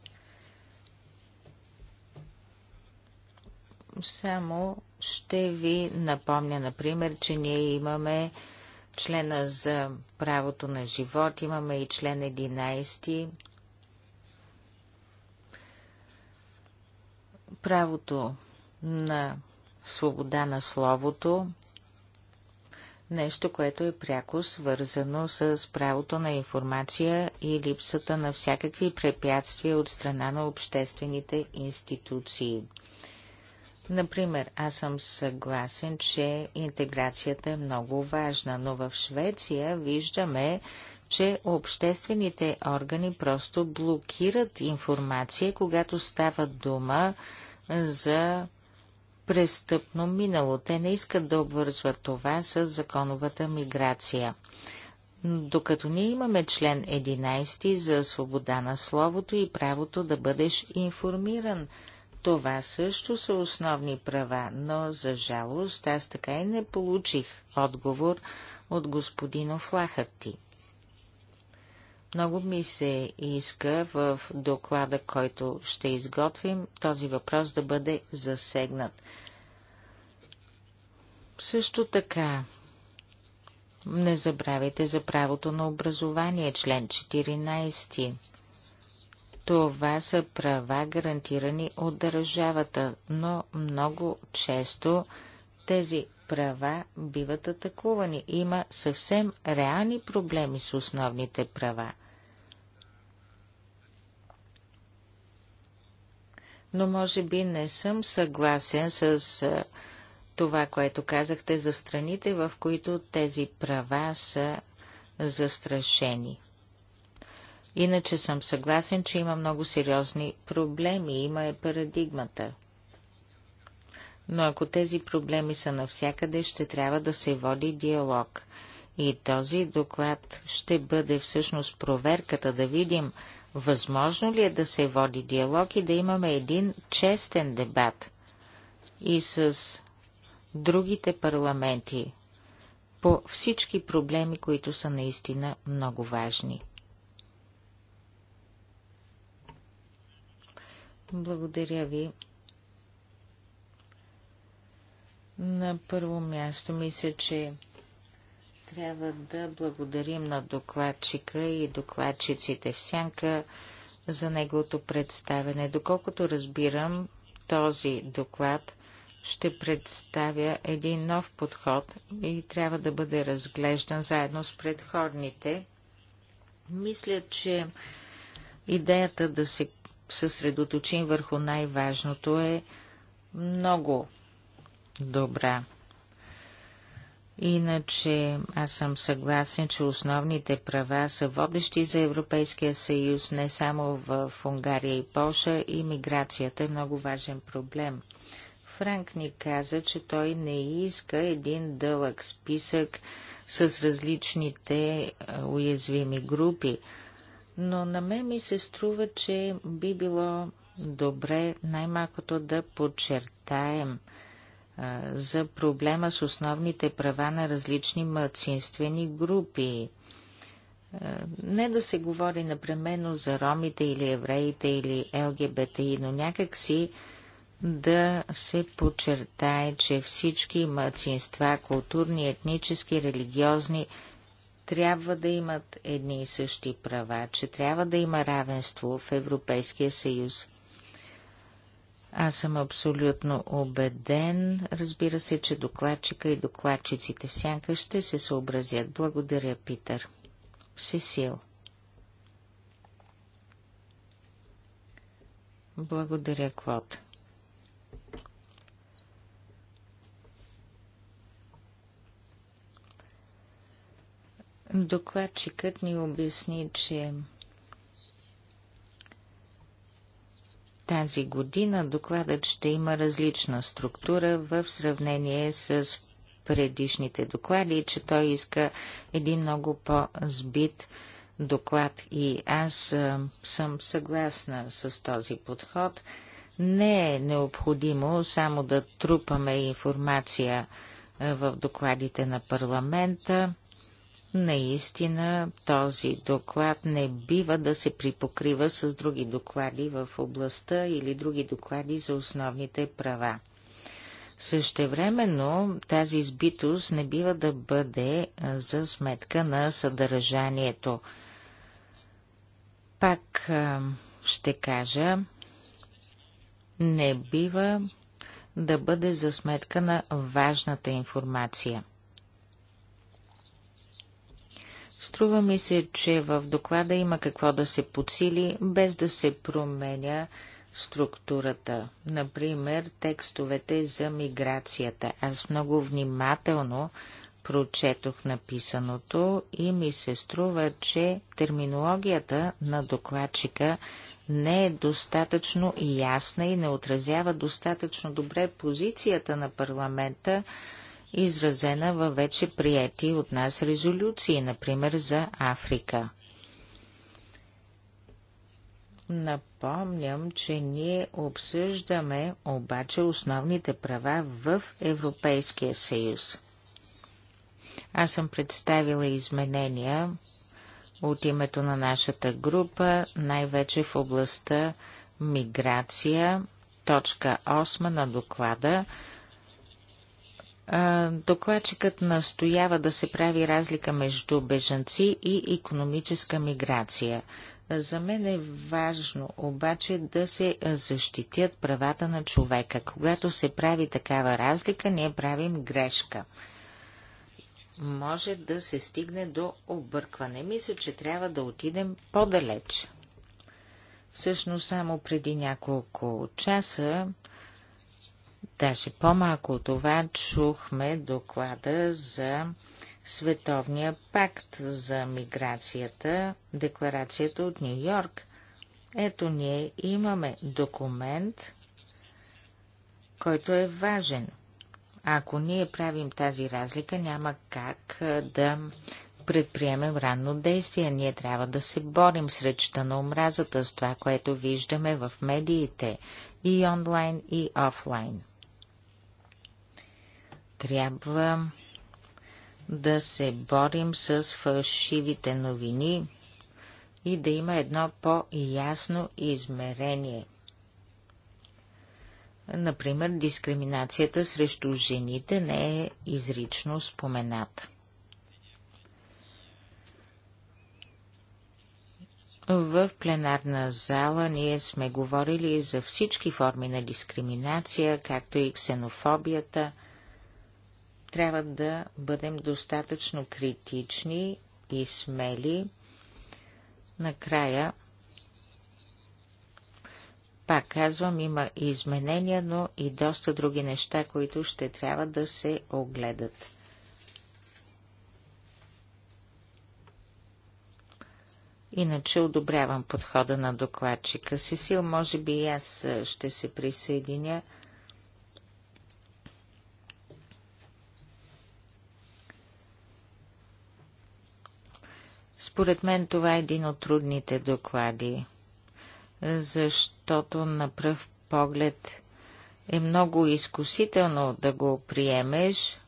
Само ще ви напомня, например, че ние имаме члена за правото на живот, имаме и член 11. Правото на свобода на словото, нещо, което е пряко свързано с правото на информация и липсата на всякакви препятствия от страна на обществените институции – Например, аз съм съгласен, че интеграцията е много важна, но в Швеция виждаме, че обществените органи просто блокират информация, когато става дума за престъпно минало. Те не искат да обвързват това с законовата миграция. Докато ние имаме член 11 за свобода на словото и правото да бъдеш информиран – това също са основни права, но за жалост аз така и не получих отговор от господин Офлахарти. Много ми се иска в доклада, който ще изготвим, този въпрос да бъде засегнат. Също така, не забравяйте за правото на образование, член 14. Това са права гарантирани от държавата, но много често тези права биват атакувани. Има съвсем реални проблеми с основните права. Но може би не съм съгласен с това, което казахте за страните, в които тези права са застрашени. Иначе съм съгласен, че има много сериозни проблеми. Има е парадигмата. Но ако тези проблеми са навсякъде, ще трябва да се води диалог. И този доклад ще бъде всъщност проверката да видим, възможно ли е да се води диалог и да имаме един честен дебат и с другите парламенти по всички проблеми, които са наистина много важни. Благодаря ви. На първо място мисля, че трябва да благодарим на докладчика и докладчиците в сянка за неговото представене. Доколкото разбирам, този доклад ще представя един нов подход и трябва да бъде разглеждан заедно с предходните. Мисля, че идеята да се съсредоточим върху най-важното е много добра. Иначе аз съм съгласен, че основните права са водещи за Европейския съюз, не само в Унгария и Польша, и миграцията е много важен проблем. Франк ни каза, че той не иска един дълъг списък с различните е, уязвими групи но на мен ми се струва, че би било добре най-малкото да подчертаем а, за проблема с основните права на различни мъцинствени групи. А, не да се говори напременно за ромите или евреите или ЛГБТИ, но някак си да се подчертае, че всички мъцинства, културни, етнически, религиозни, трябва да имат едни и същи права, че трябва да има равенство в Европейския съюз. Аз съм абсолютно убеден. Разбира се, че докладчика и докладчиците в сянка ще се съобразят. Благодаря, Питър. Сесил. Благодаря, Клод. Докладчикът ни обясни, че тази година докладът ще има различна структура в сравнение с предишните доклади, че той иска един много по-збит доклад и аз съм съгласна с този подход. Не е необходимо само да трупаме информация в докладите на парламента. Наистина този доклад не бива да се припокрива с други доклади в областта или други доклади за основните права. Същевременно тази избитост не бива да бъде за сметка на съдържанието. Пак ще кажа, не бива да бъде за сметка на важната информация – Струва ми се, че в доклада има какво да се подсили, без да се променя структурата. Например, текстовете за миграцията. Аз много внимателно прочетох написаното и ми се струва, че терминологията на докладчика не е достатъчно ясна и не отразява достатъчно добре позицията на парламента изразена във вече приети от нас резолюции, например за Африка. Напомням, че ние обсъждаме обаче основните права в Европейския съюз. Аз съм представила изменения от името на нашата група, най-вече в областта миграция, точка 8 на доклада, Докладчикът настоява да се прави разлика между бежанци и економическа миграция. За мен е важно обаче да се защитят правата на човека. Когато се прави такава разлика, ние правим грешка. Може да се стигне до объркване. Мисля, че трябва да отидем по-далеч. Всъщност, само преди няколко часа Даже по-малко от това чухме доклада за Световния пакт за миграцията, декларацията от Нью Йорк. Ето ние имаме документ, който е важен. Ако ние правим тази разлика, няма как да предприемем ранно действие. Ние трябва да се борим срещу на омразата с това, което виждаме в медиите и онлайн, и офлайн. Трябва да се борим с фалшивите новини и да има едно по-ясно измерение. Например, дискриминацията срещу жените не е изрично спомената. В пленарна зала ние сме говорили за всички форми на дискриминация, както и ксенофобията – трябва да бъдем достатъчно критични и смели. Накрая, пак казвам, има изменения, но и доста други неща, които ще трябва да се огледат. Иначе одобрявам подхода на докладчика. Сесил, може би и аз ще се присъединя Според мен това е един от трудните доклади, защото на пръв поглед е много изкусително да го приемеш,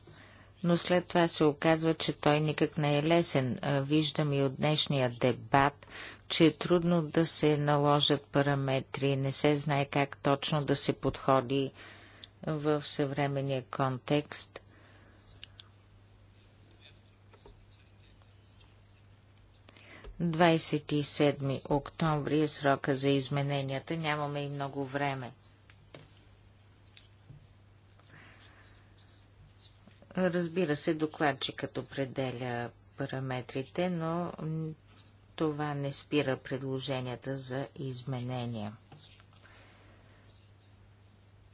но след това се оказва, че той никак не е лесен. Виждам и от днешния дебат, че е трудно да се наложат параметри, не се знае как точно да се подходи в съвременния контекст – 27 октомври е срока за измененията. Нямаме и много време. Разбира се, докладчикът определя параметрите, но това не спира предложенията за изменения.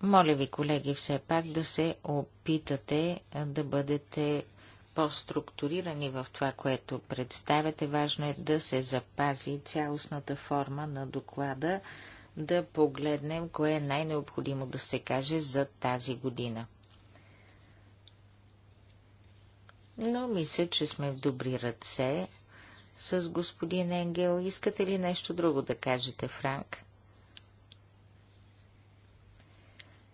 Моля ви, колеги, все пак да се опитате да бъдете по-структурирани в това, което представяте. Важно е да се запази цялостната форма на доклада, да погледнем кое е най-необходимо да се каже за тази година. Но мисля, че сме в добри ръце с господин Енгел. Искате ли нещо друго да кажете, Франк?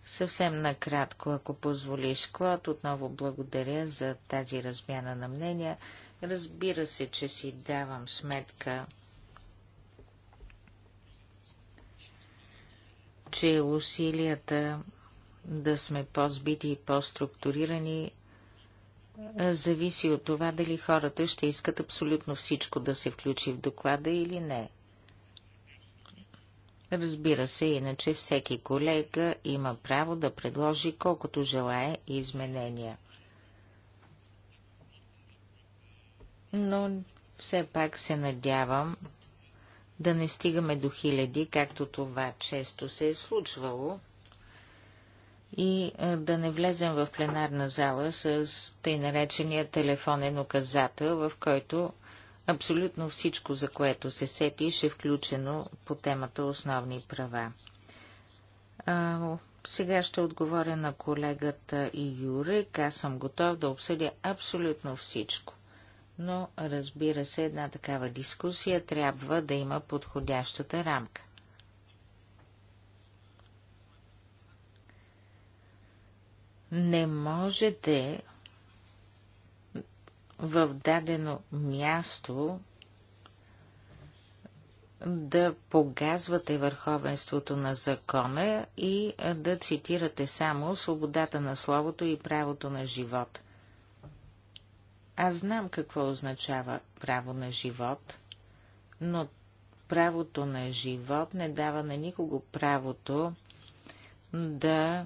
Съвсем накратко, ако позволиш, Клод, отново благодаря за тази размяна на мнения. Разбира се, че си давам сметка, че усилията да сме по-збити и по-структурирани зависи от това дали хората ще искат абсолютно всичко да се включи в доклада или не. Разбира се, иначе всеки колега има право да предложи колкото желая изменения. Но все пак се надявам да не стигаме до хиляди, както това често се е случвало, и да не влезем в пленарна зала с тъй наречения телефонен указател, в който Абсолютно всичко, за което се сетиш, е включено по темата основни права. А, сега ще отговоря на колегата и Юрик. Аз съм готов да обсъдя абсолютно всичко. Но, разбира се, една такава дискусия трябва да има подходящата рамка. Не можете в дадено място да погазвате върховенството на закона и да цитирате само свободата на словото и правото на живот. Аз знам какво означава право на живот, но правото на живот не дава на никого правото да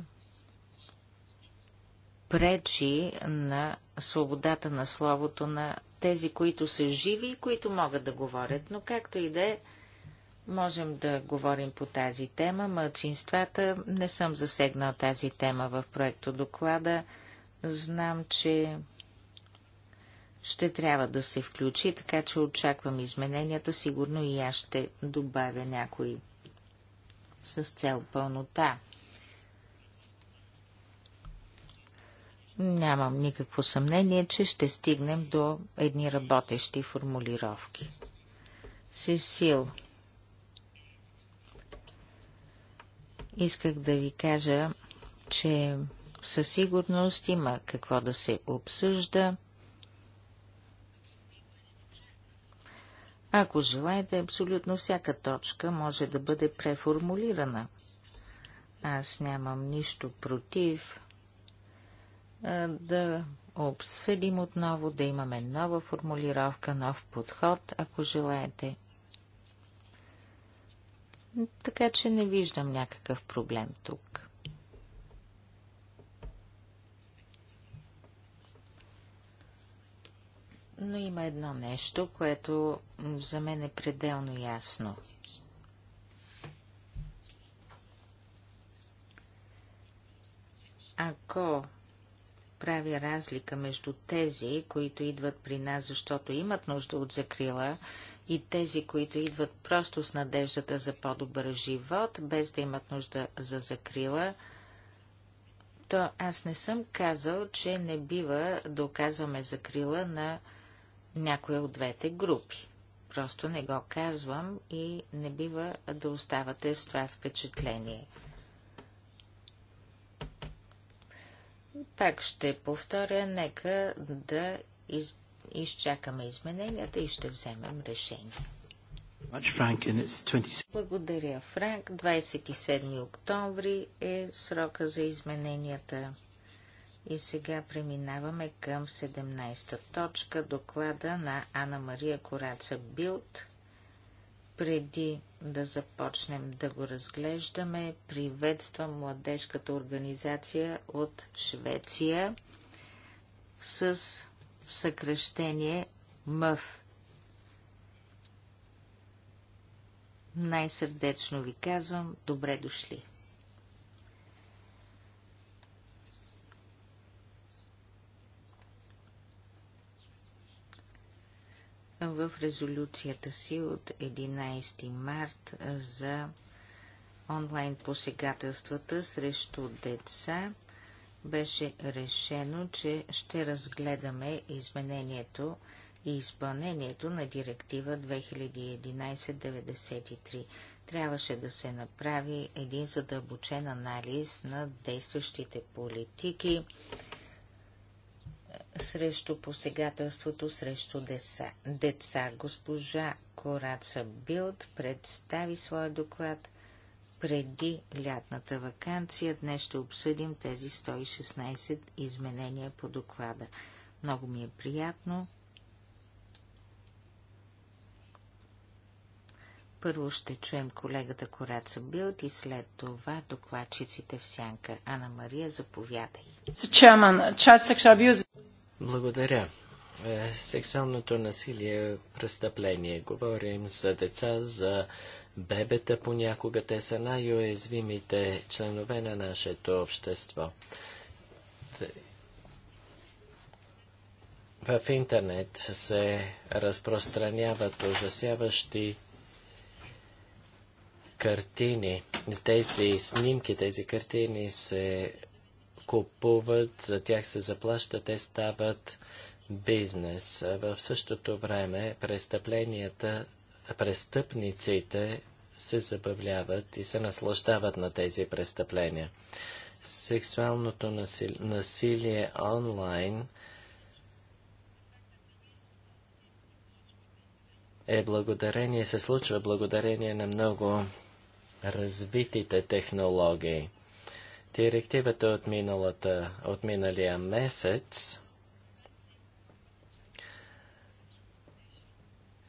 пречи на свободата на словото на тези, които са живи и които могат да говорят. Но както и да е, можем да говорим по тази тема. Мълчинствата не съм засегнал тази тема в проекто доклада. Знам, че ще трябва да се включи, така че очаквам измененията. Сигурно и аз ще добавя някои с цел пълнота. Нямам никакво съмнение, че ще стигнем до едни работещи формулировки. Сесил, исках да ви кажа, че със сигурност има какво да се обсъжда. Ако желаете, абсолютно всяка точка може да бъде преформулирана. Аз нямам нищо против да обсъдим отново, да имаме нова формулировка, нов подход, ако желаете. Така че не виждам някакъв проблем тук. Но има едно нещо, което за мен е пределно ясно. Ако прави разлика между тези, които идват при нас, защото имат нужда от закрила, и тези, които идват просто с надеждата за по-добър живот, без да имат нужда за закрила, то аз не съм казал, че не бива да оказваме закрила на някоя от двете групи. Просто не го казвам и не бива да оставате с това впечатление. Пак ще повторя, нека да из... изчакаме измененията и ще вземем решение. Благодаря, Франк. 27 октомври е срока за измененията. И сега преминаваме към 17-та точка доклада на Анна Мария Кораца Билт. Преди да започнем да го разглеждаме. Приветствам младежката организация от Швеция с съкръщение МЪВ. Най-сърдечно ви казвам, добре дошли! в резолюцията си от 11 март за онлайн посегателствата срещу деца беше решено, че ще разгледаме изменението и изпълнението на директива 2011-93. Трябваше да се направи един задълбочен анализ на действащите политики срещу посегателството срещу деца. деца. Госпожа Кораца Билд представи своя доклад преди лятната вакансия. Днес ще обсъдим тези 116 изменения по доклада. Много ми е приятно. Първо ще чуем колегата Кораца Билд и след това докладчиците в сянка. Ана Мария, заповядай. Благодаря. Е, сексуалното насилие е престъпление. Говорим за деца, за бебета понякога. Те са най-уязвимите членове на нашето общество. В интернет се разпространяват ужасяващи картини. Тези снимки, тези картини се купуват, за тях се заплаща, те стават бизнес. В същото време престъпленията, престъпниците се забавляват и се наслаждават на тези престъпления. Сексуалното насили... насилие онлайн е благодарение, се случва благодарение на много развитите технологии. Директивата от, миналата, от миналия месец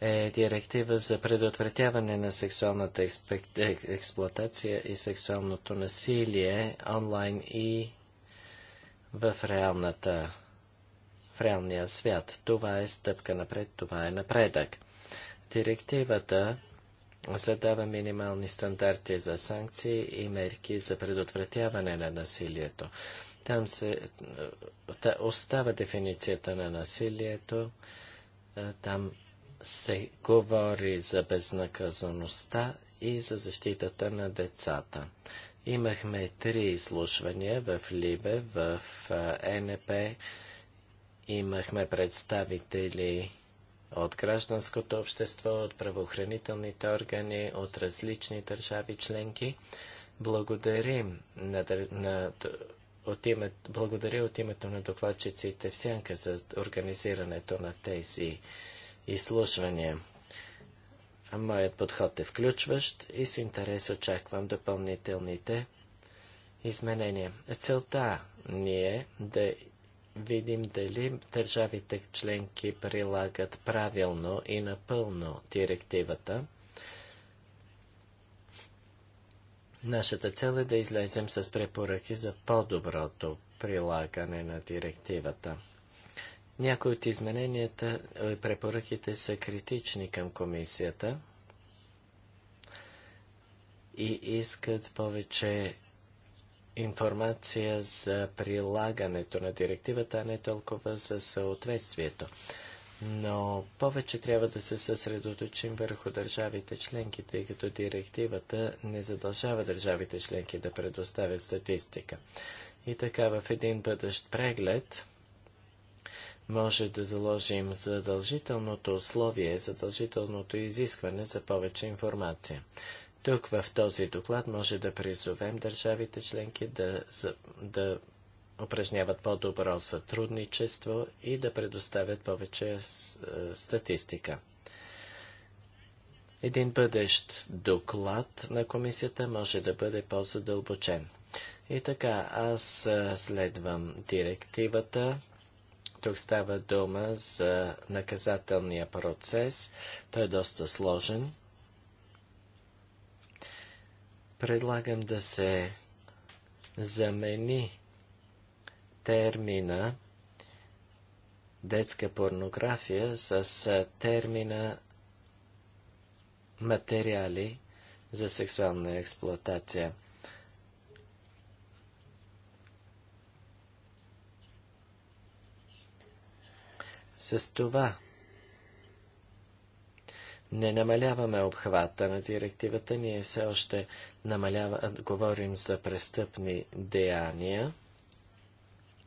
е директива за предотвратяване на сексуалната е, експлуатация и сексуалното насилие онлайн и в реалната в реалния свят. Това е стъпка напред, това е напредък. Директивата задава минимални стандарти за санкции и мерки за предотвратяване на насилието. Там се та, остава дефиницията на насилието, е, там се говори за безнаказаността и за защитата на децата. Имахме три изслушвания в Либе, в е, НП. Имахме представители от гражданското общество, от правоохранителните органи, от различни държави членки. Благодарим на, на, от име, благодаря от името на докладчиците Всянка Сянка за организирането на тези изслушвания. А моят подход е включващ и с интерес очаквам допълнителните изменения. Целта ни е да видим дали държавите членки прилагат правилно и напълно директивата. Нашата цел е да излезем с препоръки за по-доброто прилагане на директивата. Някои от измененията и е, препоръките са критични към комисията и искат повече информация за прилагането на директивата, а не толкова за съответствието. Но повече трябва да се съсредоточим върху държавите членки, тъй като директивата не задължава държавите членки да предоставят статистика. И така в един бъдещ преглед може да заложим задължителното условие, задължителното изискване за повече информация. Тук в този доклад може да призовем държавите членки да, да упражняват по-добро сътрудничество и да предоставят повече е, статистика. Един бъдещ доклад на комисията може да бъде по-задълбочен. И така, аз е, следвам директивата. Тук става дума за наказателния процес. Той е доста сложен. Предлагам да се замени термина детска порнография с термина материали за сексуална експлоатация. С това не намаляваме обхвата на директивата, ние все още намалява, говорим за престъпни деяния,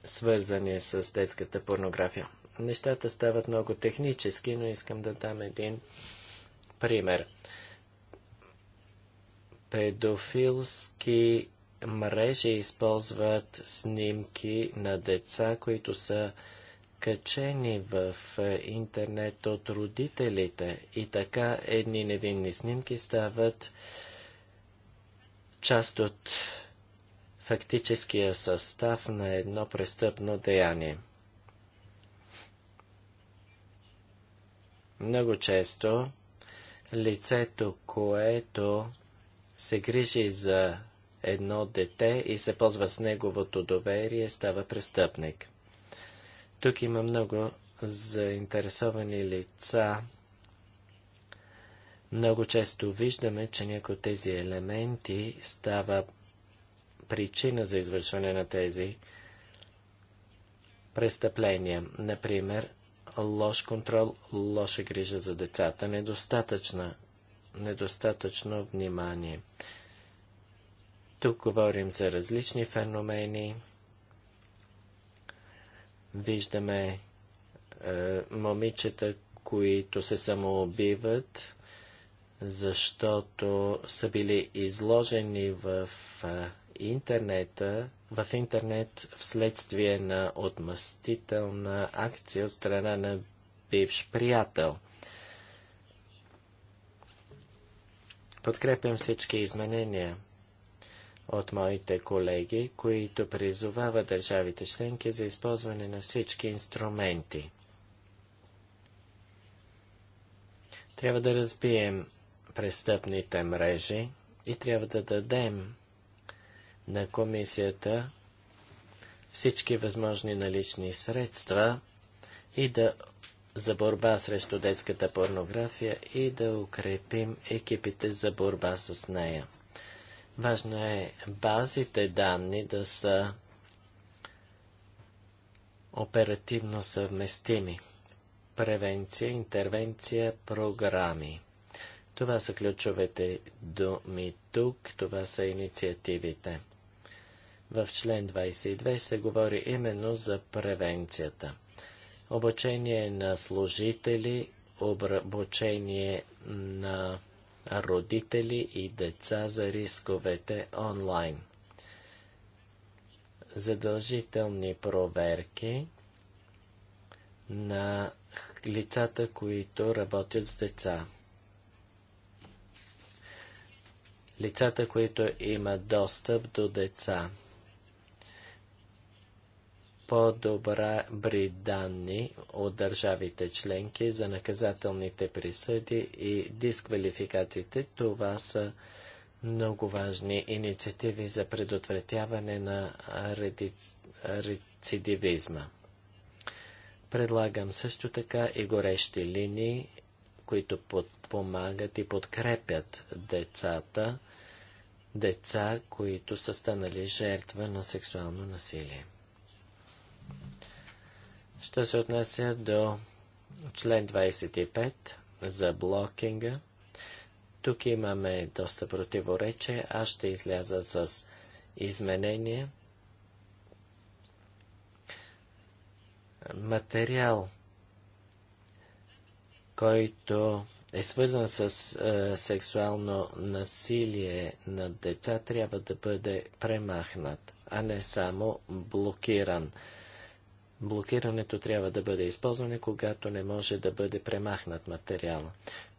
свързани с детската порнография. Нещата стават много технически, но искам да дам един пример. Педофилски мрежи използват снимки на деца, които са качени в е, интернет от родителите и така едни невинни снимки стават част от фактическия състав на едно престъпно деяние. Много често лицето, което се грижи за едно дете и се ползва с неговото доверие, става престъпник. Тук има много заинтересовани лица. Много често виждаме, че някои от тези елементи става причина за извършване на тези престъпления. Например, лош контрол, лоша грижа за децата, недостатъчна, недостатъчно внимание. Тук говорим за различни феномени, Виждаме е, момичета, които се самоубиват, защото са били изложени в е, интернета, в интернет вследствие на отмъстителна акция от страна на бивш приятел. Подкрепям всички изменения от моите колеги, които призовават държавите членки за използване на всички инструменти. Трябва да разбием престъпните мрежи и трябва да дадем на комисията всички възможни налични средства и да за борба срещу детската порнография и да укрепим екипите за борба с нея. Важно е базите данни да са оперативно съвместими. Превенция, интервенция, програми. Това са ключовете думи тук, това са инициативите. В член 22 се говори именно за превенцията. Обучение на служители, обучение на родители и деца за рисковете онлайн. Задължителни проверки на лицата, които работят с деца. Лицата, които имат достъп до деца по-добра бри данни от държавите членки за наказателните присъди и дисквалификациите. Това са много важни инициативи за предотвратяване на рецидивизма. Предлагам също така и горещи линии, които подпомагат и подкрепят децата, деца, които са станали жертва на сексуално насилие. Що се отнася до член 25 за блокинга, тук имаме доста противоречие. Аз ще изляза с изменение. Материал, който е свързан с е, сексуално насилие на деца, трябва да бъде премахнат, а не само блокиран. Е, Блокирането трябва да бъде използване, когато не може да бъде премахнат материала.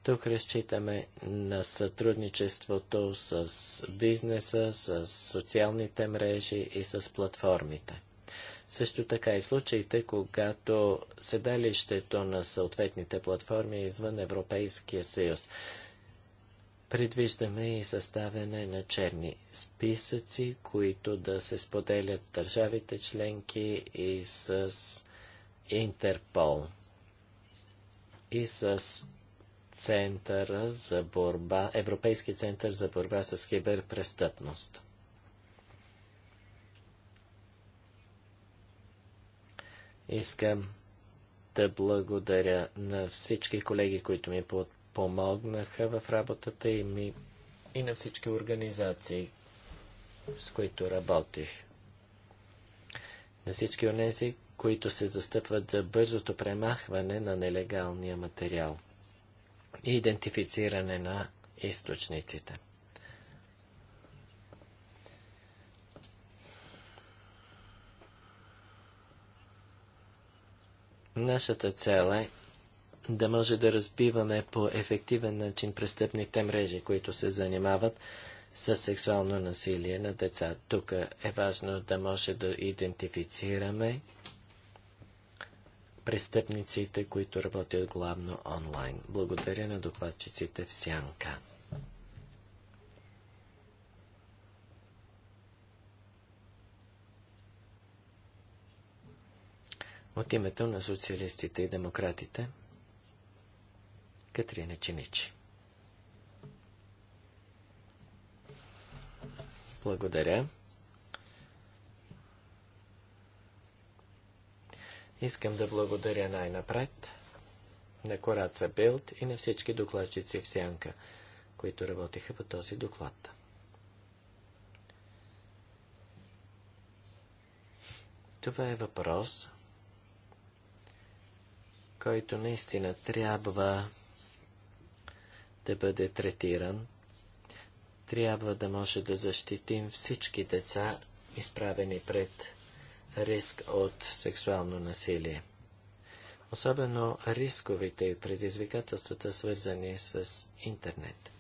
Тук разчитаме на сътрудничеството с бизнеса, с социалните мрежи и с платформите. Също така и в случаите, когато седалището на съответните платформи е извън Европейския съюз. Предвиждаме и съставяне на черни списъци, които да се споделят с държавите членки и с Интерпол и с Центъра за борба, Европейски център за борба с киберпрестъпност. Искам да благодаря на всички колеги, които ми помогнаха в работата и ми и на всички организации, с които работих. На всички онези, които се застъпват за бързото премахване на нелегалния материал и идентифициране на източниците. Нашата цел е да може да разбиваме по ефективен начин престъпните мрежи, които се занимават с сексуално насилие на деца. Тук е важно да може да идентифицираме престъпниците, които работят главно онлайн. Благодаря на докладчиците в Сянка. От името на социалистите и демократите Катрина Чиничи. Благодаря. Искам да благодаря най-напред на Кораца Билд и на всички докладчици в Сянка, които работиха по този доклад. Това е въпрос, който наистина трябва да бъде третиран. Трябва да може да защитим всички деца, изправени пред риск от сексуално насилие. Особено рисковите и предизвикателствата, свързани с интернет.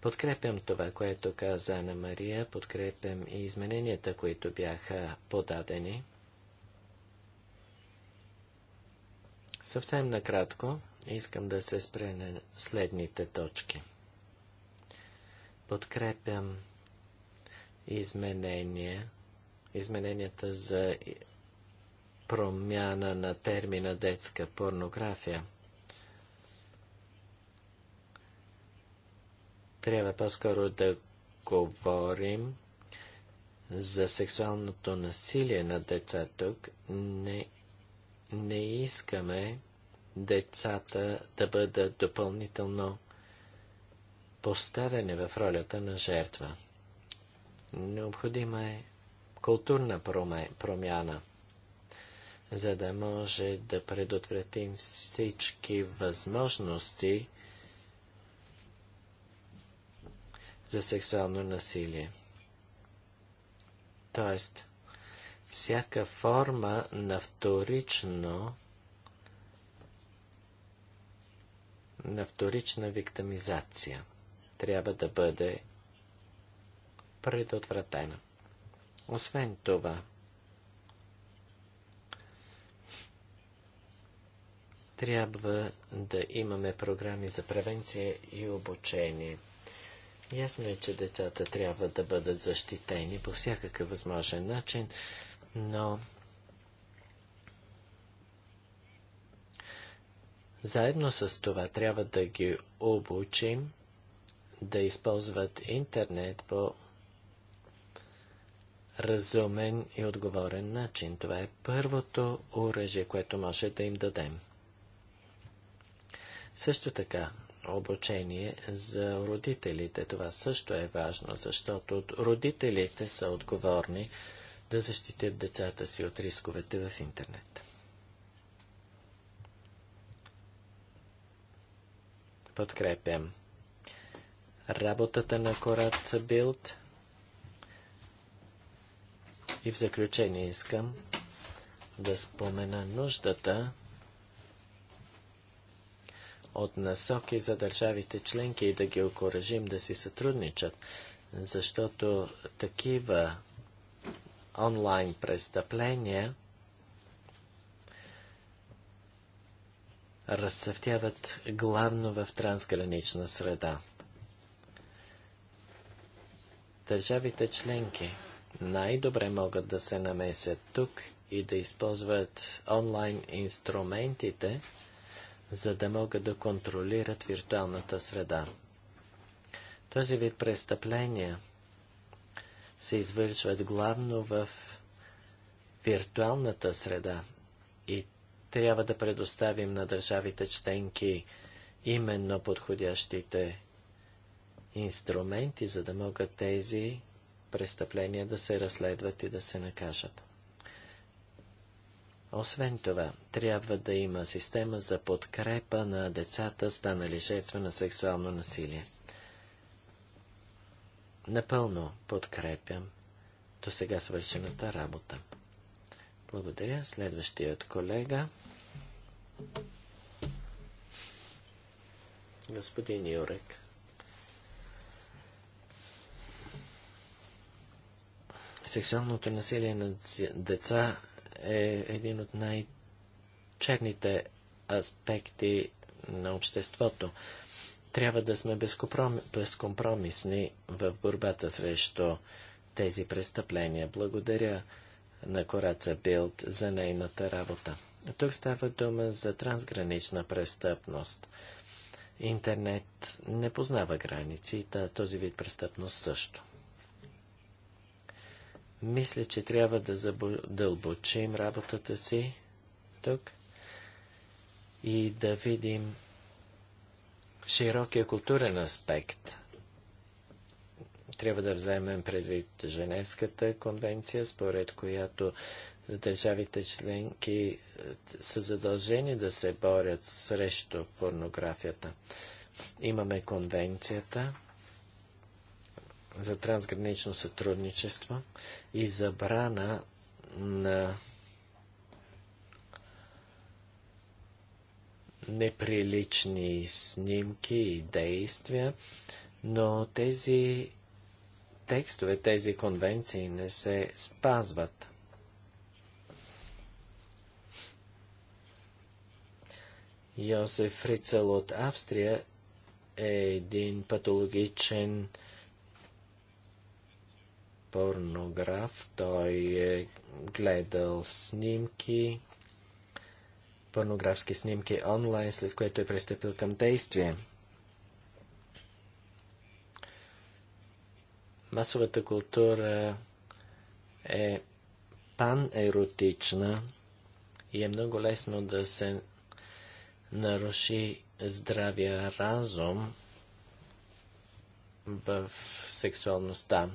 Подкрепям това, което каза Ана Мария, подкрепям и измененията, които бяха подадени. Съвсем накратко, Искам да се спре на следните точки. Подкрепям изменения, измененията за промяна на термина детска порнография. Трябва по-скоро да говорим за сексуалното насилие на деца тук. Не, не искаме децата да бъдат допълнително поставени в ролята на жертва. Необходима е културна промяна, за да може да предотвратим всички възможности за сексуално насилие. Тоест, всяка форма на вторично на вторична виктимизация трябва да бъде предотвратена. Освен това, трябва да имаме програми за превенция и обучение. Ясно е, че децата трябва да бъдат защитени по всякакъв възможен начин, но Заедно с това трябва да ги обучим да използват интернет по разумен и отговорен начин. Това е първото оръжие, което може да им дадем. Също така, обучение за родителите. Това също е важно, защото родителите са отговорни да защитят децата си от рисковете в интернет. подкрепям работата на Кораца Билд. И в заключение искам да спомена нуждата от насоки за държавите членки и да ги окоръжим да си сътрудничат, защото такива онлайн престъпления – разцъфтяват главно в трансгранична среда. Държавите членки най-добре могат да се намесят тук и да използват онлайн инструментите, за да могат да контролират виртуалната среда. Този вид престъпления се извършват главно в виртуалната среда трябва да предоставим на държавите членки именно подходящите инструменти, за да могат тези престъпления да се разследват и да се накажат. Освен това, трябва да има система за подкрепа на децата, станали жертва на сексуално насилие. Напълно подкрепям до сега свършената работа. Благодаря. Следващият колега. Господин Юрек. Сексуалното насилие на деца е един от най-черните аспекти на обществото. Трябва да сме безкомпромисни в борбата срещу тези престъпления. Благодаря на Кораца Билд за нейната работа. Тук става дума за трансгранична престъпност. Интернет не познава граници, та този вид престъпност също. Мисля, че трябва да задълбочим работата си тук и да видим широкия културен аспект трябва да вземем предвид Женевската конвенция, според която държавите членки е, са задължени да се борят срещу порнографията. Имаме конвенцията за трансгранично сътрудничество и забрана на неприлични снимки и действия, но тези текстове, тези конвенции не се спазват. Йосеф Фрицел от Австрия е един патологичен порнограф. Той е гледал снимки, порнографски снимки онлайн, след което е пристъпил към действие. Масовата култура е панеротична и е много лесно да се наруши здравия разум в сексуалността.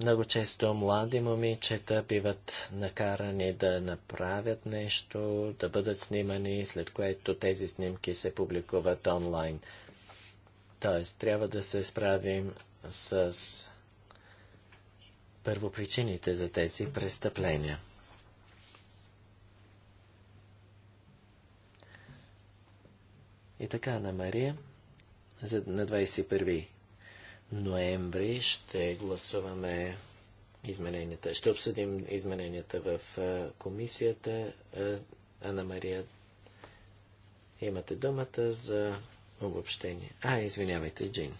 Много често млади момичета биват накарани да направят нещо, да бъдат снимани, след което тези снимки се публикуват онлайн – Тоест, трябва да се справим с първопричините за тези престъпления. И така, на Мария, за, на 21 ноември ще гласуваме измененията. Ще обсъдим измененията в комисията. Ана Мария, имате думата за обобщение. А, извинявайте, Джин.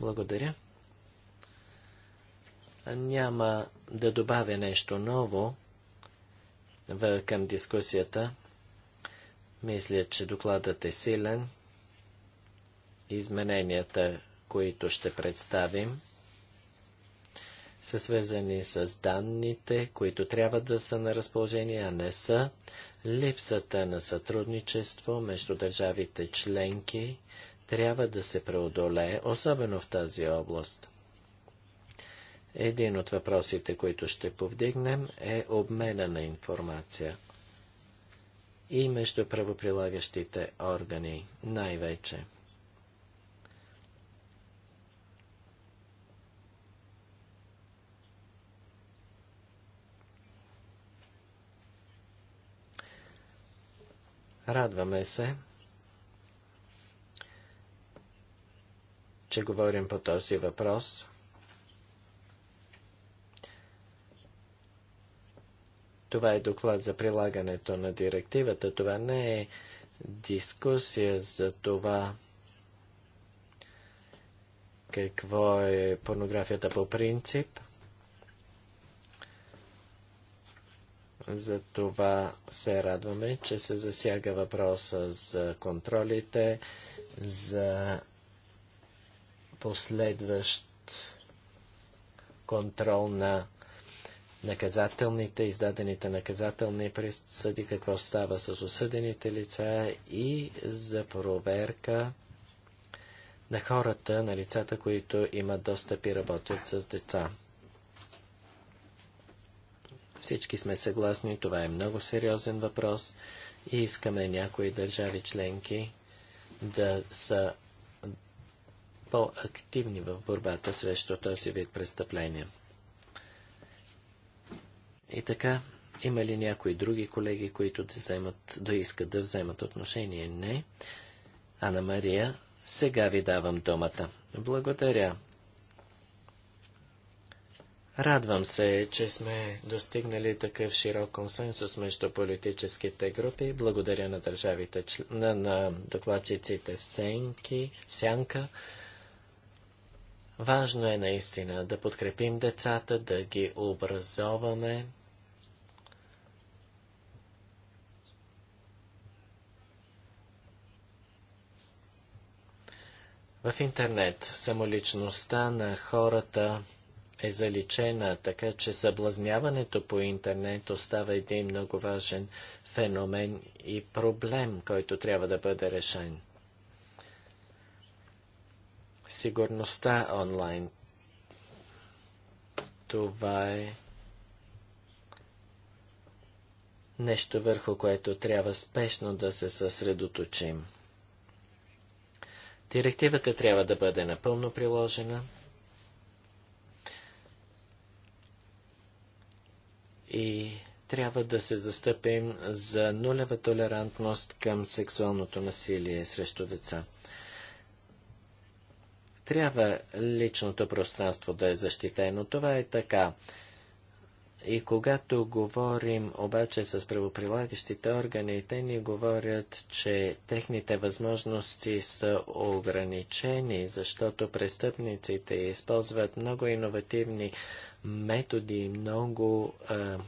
Благодаря. Няма да добавя нещо ново към дискусията. Мисля, че докладът е силен. Измененията, които ще представим, са свързани с данните, които трябва да са на разположение, а не са. Липсата на сътрудничество между държавите членки трябва да се преодолее, особено в тази област. Един от въпросите, които ще повдигнем, е обмена на информация и между правоприлагащите органи най-вече. Радваме се, че говорим по този въпрос. Това е доклад за прилагането на директивата. Това не е дискусия за това какво е порнографията по принцип – За това се радваме, че се засяга въпроса за контролите, за последващ контрол на наказателните, издадените наказателни присъди, какво става с осъдените лица и за проверка на хората, на лицата, които имат достъп и работят с деца. Всички сме съгласни, това е много сериозен въпрос и искаме някои държави членки да са по-активни в борбата срещу този вид престъпления. И така, има ли някои други колеги, които да, вземат, да искат да вземат отношение? Не. Ана Мария, сега ви давам думата. Благодаря. Радвам се, че сме достигнали такъв широк консенсус между политическите групи. Благодаря на държавите, на, на докладчиците в, сенки, в сянка. Важно е наистина да подкрепим децата, да ги образоваме. В интернет самоличността на хората – е заличена, така че съблазняването по интернет остава един много важен феномен и проблем, който трябва да бъде решен. Сигурността онлайн. Това е нещо върху което трябва спешно да се съсредоточим. Директивата трябва да бъде напълно приложена. и трябва да се застъпим за нулева толерантност към сексуалното насилие срещу деца. Трябва личното пространство да е защитено. Това е така. И когато говорим обаче с правоприлагащите органи, те ни говорят, че техните възможности са ограничени, защото престъпниците използват много иновативни методи и много а,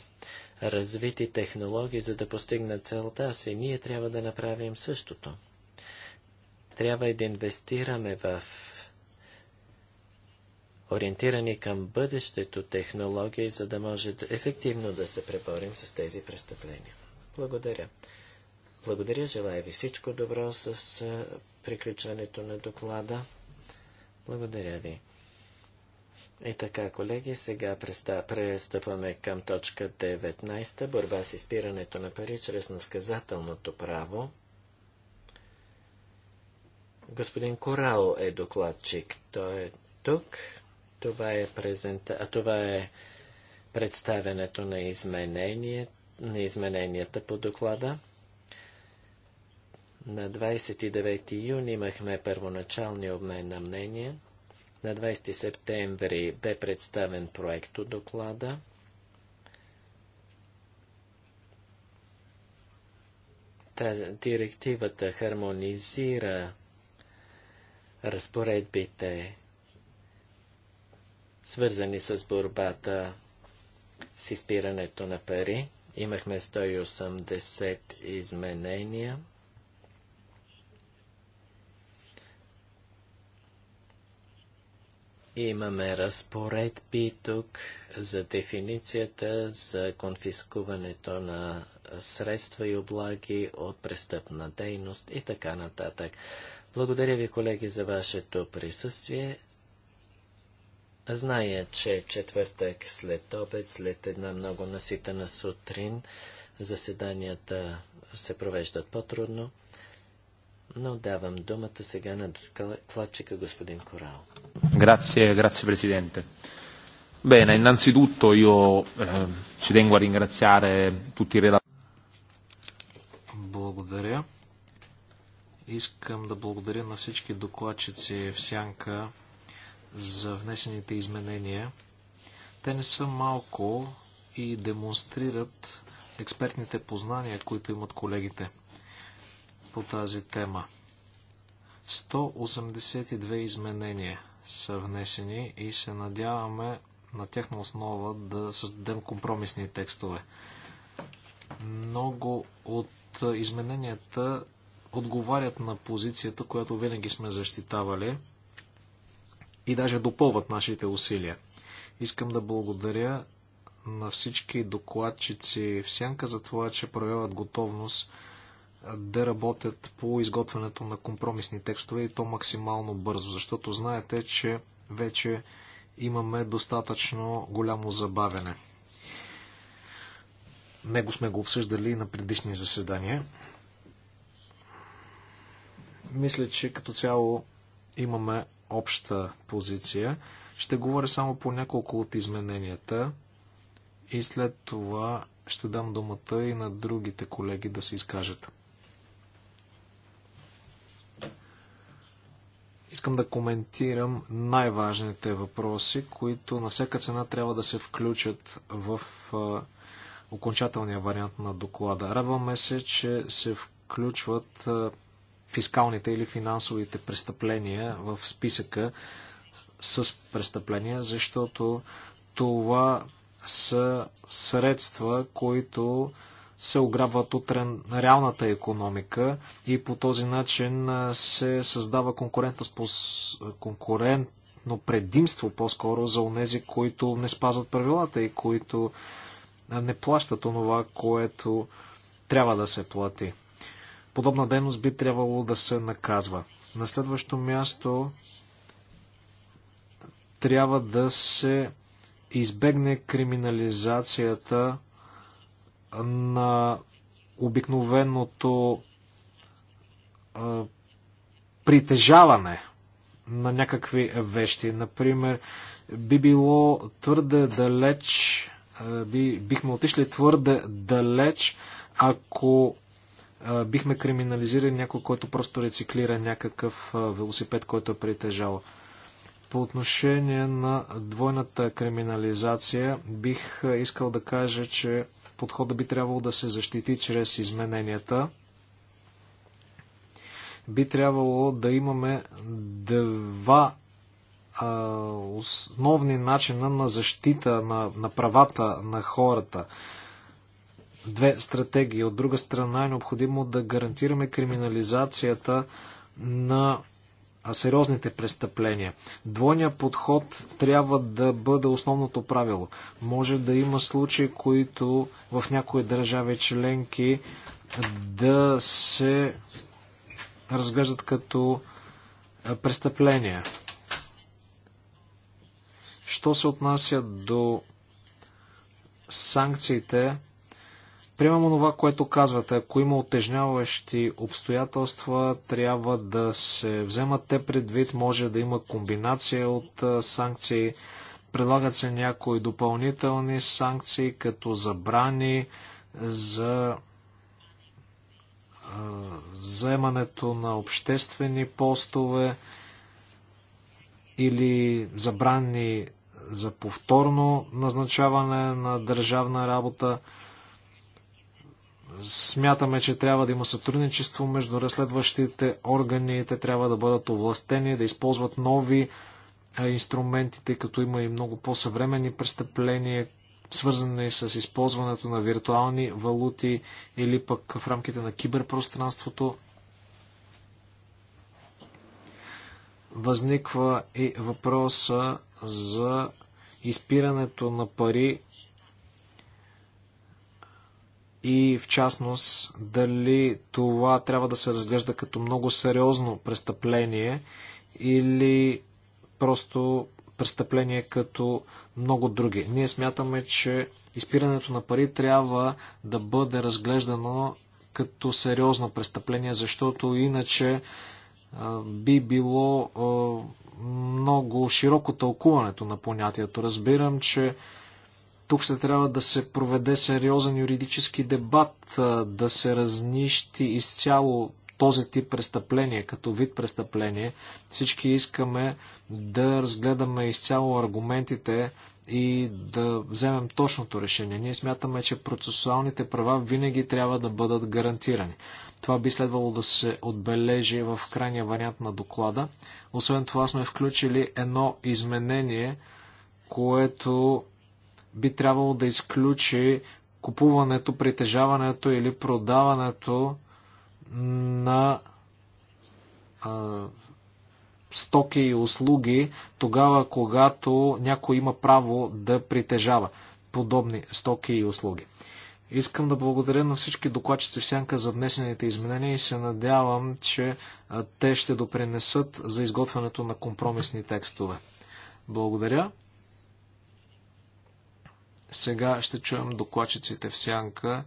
развити технологии, за да постигнат целта си. Ние трябва да направим същото. Трябва да инвестираме в ориентирани към бъдещето технологии, за да може да ефективно да се преборим с тези престъпления. Благодаря. Благодаря, желая ви всичко добро с приключването на доклада. Благодаря ви. И така, колеги, сега престъпваме към точка 19. Борба с изпирането на пари чрез насказателното право. Господин Корао е докладчик. Той е тук. Това е, презента... това е представенето на, изменение... на измененията по доклада. На 29 юни имахме първоначални обмен на мнения. На 20 септември бе представен проект от доклада. Та директивата хармонизира разпоредбите свързани с борбата с изпирането на пари. Имахме 180 изменения. Имаме разпоредби тук за дефиницията за конфискуването на средства и облаги от престъпна дейност и така нататък. Благодаря ви, колеги, за вашето присъствие. Зная, че е четвъртък след обед, след една много наситена сутрин, заседанията се провеждат по-трудно, но давам думата сега на докладчика господин Корал. Grazie, grazie Presidente. Bene, innanzitutto io eh, ci tengo a ringraziare tutti i relatori. Благодаря. Искам да благодаря на всички докладчици в Сянка за внесените изменения. Те не са малко и демонстрират експертните познания, които имат колегите по тази тема. 182 изменения са внесени и се надяваме на тяхна основа да създадем компромисни текстове. Много от измененията отговарят на позицията, която винаги сме защитавали – и даже допълват нашите усилия. Искам да благодаря на всички докладчици в Сянка за това, че проявяват готовност да работят по изготвянето на компромисни текстове и то максимално бързо, защото знаете, че вече имаме достатъчно голямо забавене. Него сме го обсъждали на предишни заседания. Мисля, че като цяло имаме обща позиция. Ще говоря само по няколко от измененията и след това ще дам думата и на другите колеги да се изкажат. Искам да коментирам най-важните въпроси, които на всяка цена трябва да се включат в окончателния вариант на доклада. Радваме се, че се включват фискалните или финансовите престъпления в списъка с престъпления, защото това са средства, които се ограбват от реалната економика и по този начин се създава конкурентно, предимство по-скоро за онези, които не спазват правилата и които не плащат онова, което трябва да се плати подобна дейност би трябвало да се наказва. На следващо място трябва да се избегне криминализацията на обикновеното а, притежаване на някакви вещи. Например, би било твърде далеч, би, бихме отишли твърде далеч, ако бихме криминализирали някой, който просто рециклира някакъв велосипед, който е притежавал. По отношение на двойната криминализация, бих искал да кажа, че подходът би трябвало да се защити чрез измененията. Би трябвало да имаме два а, основни начина на защита на, на правата на хората две стратегии. От друга страна е необходимо да гарантираме криминализацията на сериозните престъпления. Двойният подход трябва да бъде основното правило. Може да има случаи, които в някои държави членки да се разглеждат като престъпления. Що се отнася до санкциите, Приемам онова, което казвате. Ако има отежняващи обстоятелства, трябва да се вземат те предвид. Може да има комбинация от санкции. Предлагат се някои допълнителни санкции, като забрани за заемането на обществени постове или забрани за повторно назначаване на държавна работа. Смятаме, че трябва да има сътрудничество между разследващите органи. Те трябва да бъдат овластени, да използват нови инструменти, тъй като има и много по-съвременни престъпления, свързани с използването на виртуални валути или пък в рамките на киберпространството. Възниква и въпроса за изпирането на пари и в частност дали това трябва да се разглежда като много сериозно престъпление или просто престъпление като много други. Ние смятаме, че изпирането на пари трябва да бъде разглеждано като сериозно престъпление, защото иначе би било много широко тълкуването на понятието. Разбирам, че тук ще трябва да се проведе сериозен юридически дебат, да се разнищи изцяло този тип престъпление, като вид престъпление. Всички искаме да разгледаме изцяло аргументите и да вземем точното решение. Ние смятаме, че процесуалните права винаги трябва да бъдат гарантирани. Това би следвало да се отбележи в крайния вариант на доклада. Освен това сме включили едно изменение, което би трябвало да изключи купуването, притежаването или продаването на а, стоки и услуги тогава, когато някой има право да притежава подобни стоки и услуги. Искам да благодаря на всички докладчици в сянка за внесените изменения и се надявам, че те ще допринесат за изготвянето на компромисни текстове. Благодаря. Сега ще чуем докладчиците в сянка.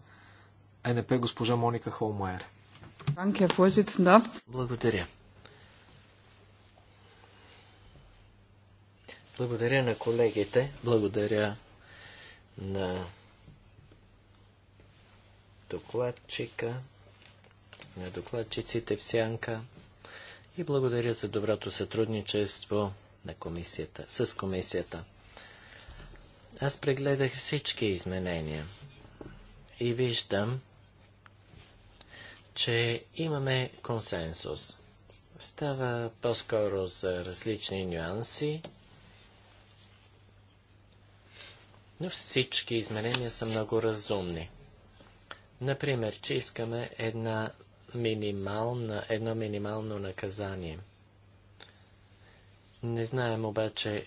Е НП госпожа Моника Холмайер. Благодаря. Благодаря на колегите, благодаря на докладчика, на докладчиците в Сянка и благодаря за доброто сътрудничество на комисията, с комисията. Аз прегледах всички изменения и виждам, че имаме консенсус. Става по-скоро за различни нюанси, но всички изменения са много разумни. Например, че искаме една минимална, едно минимално наказание. Не знаем обаче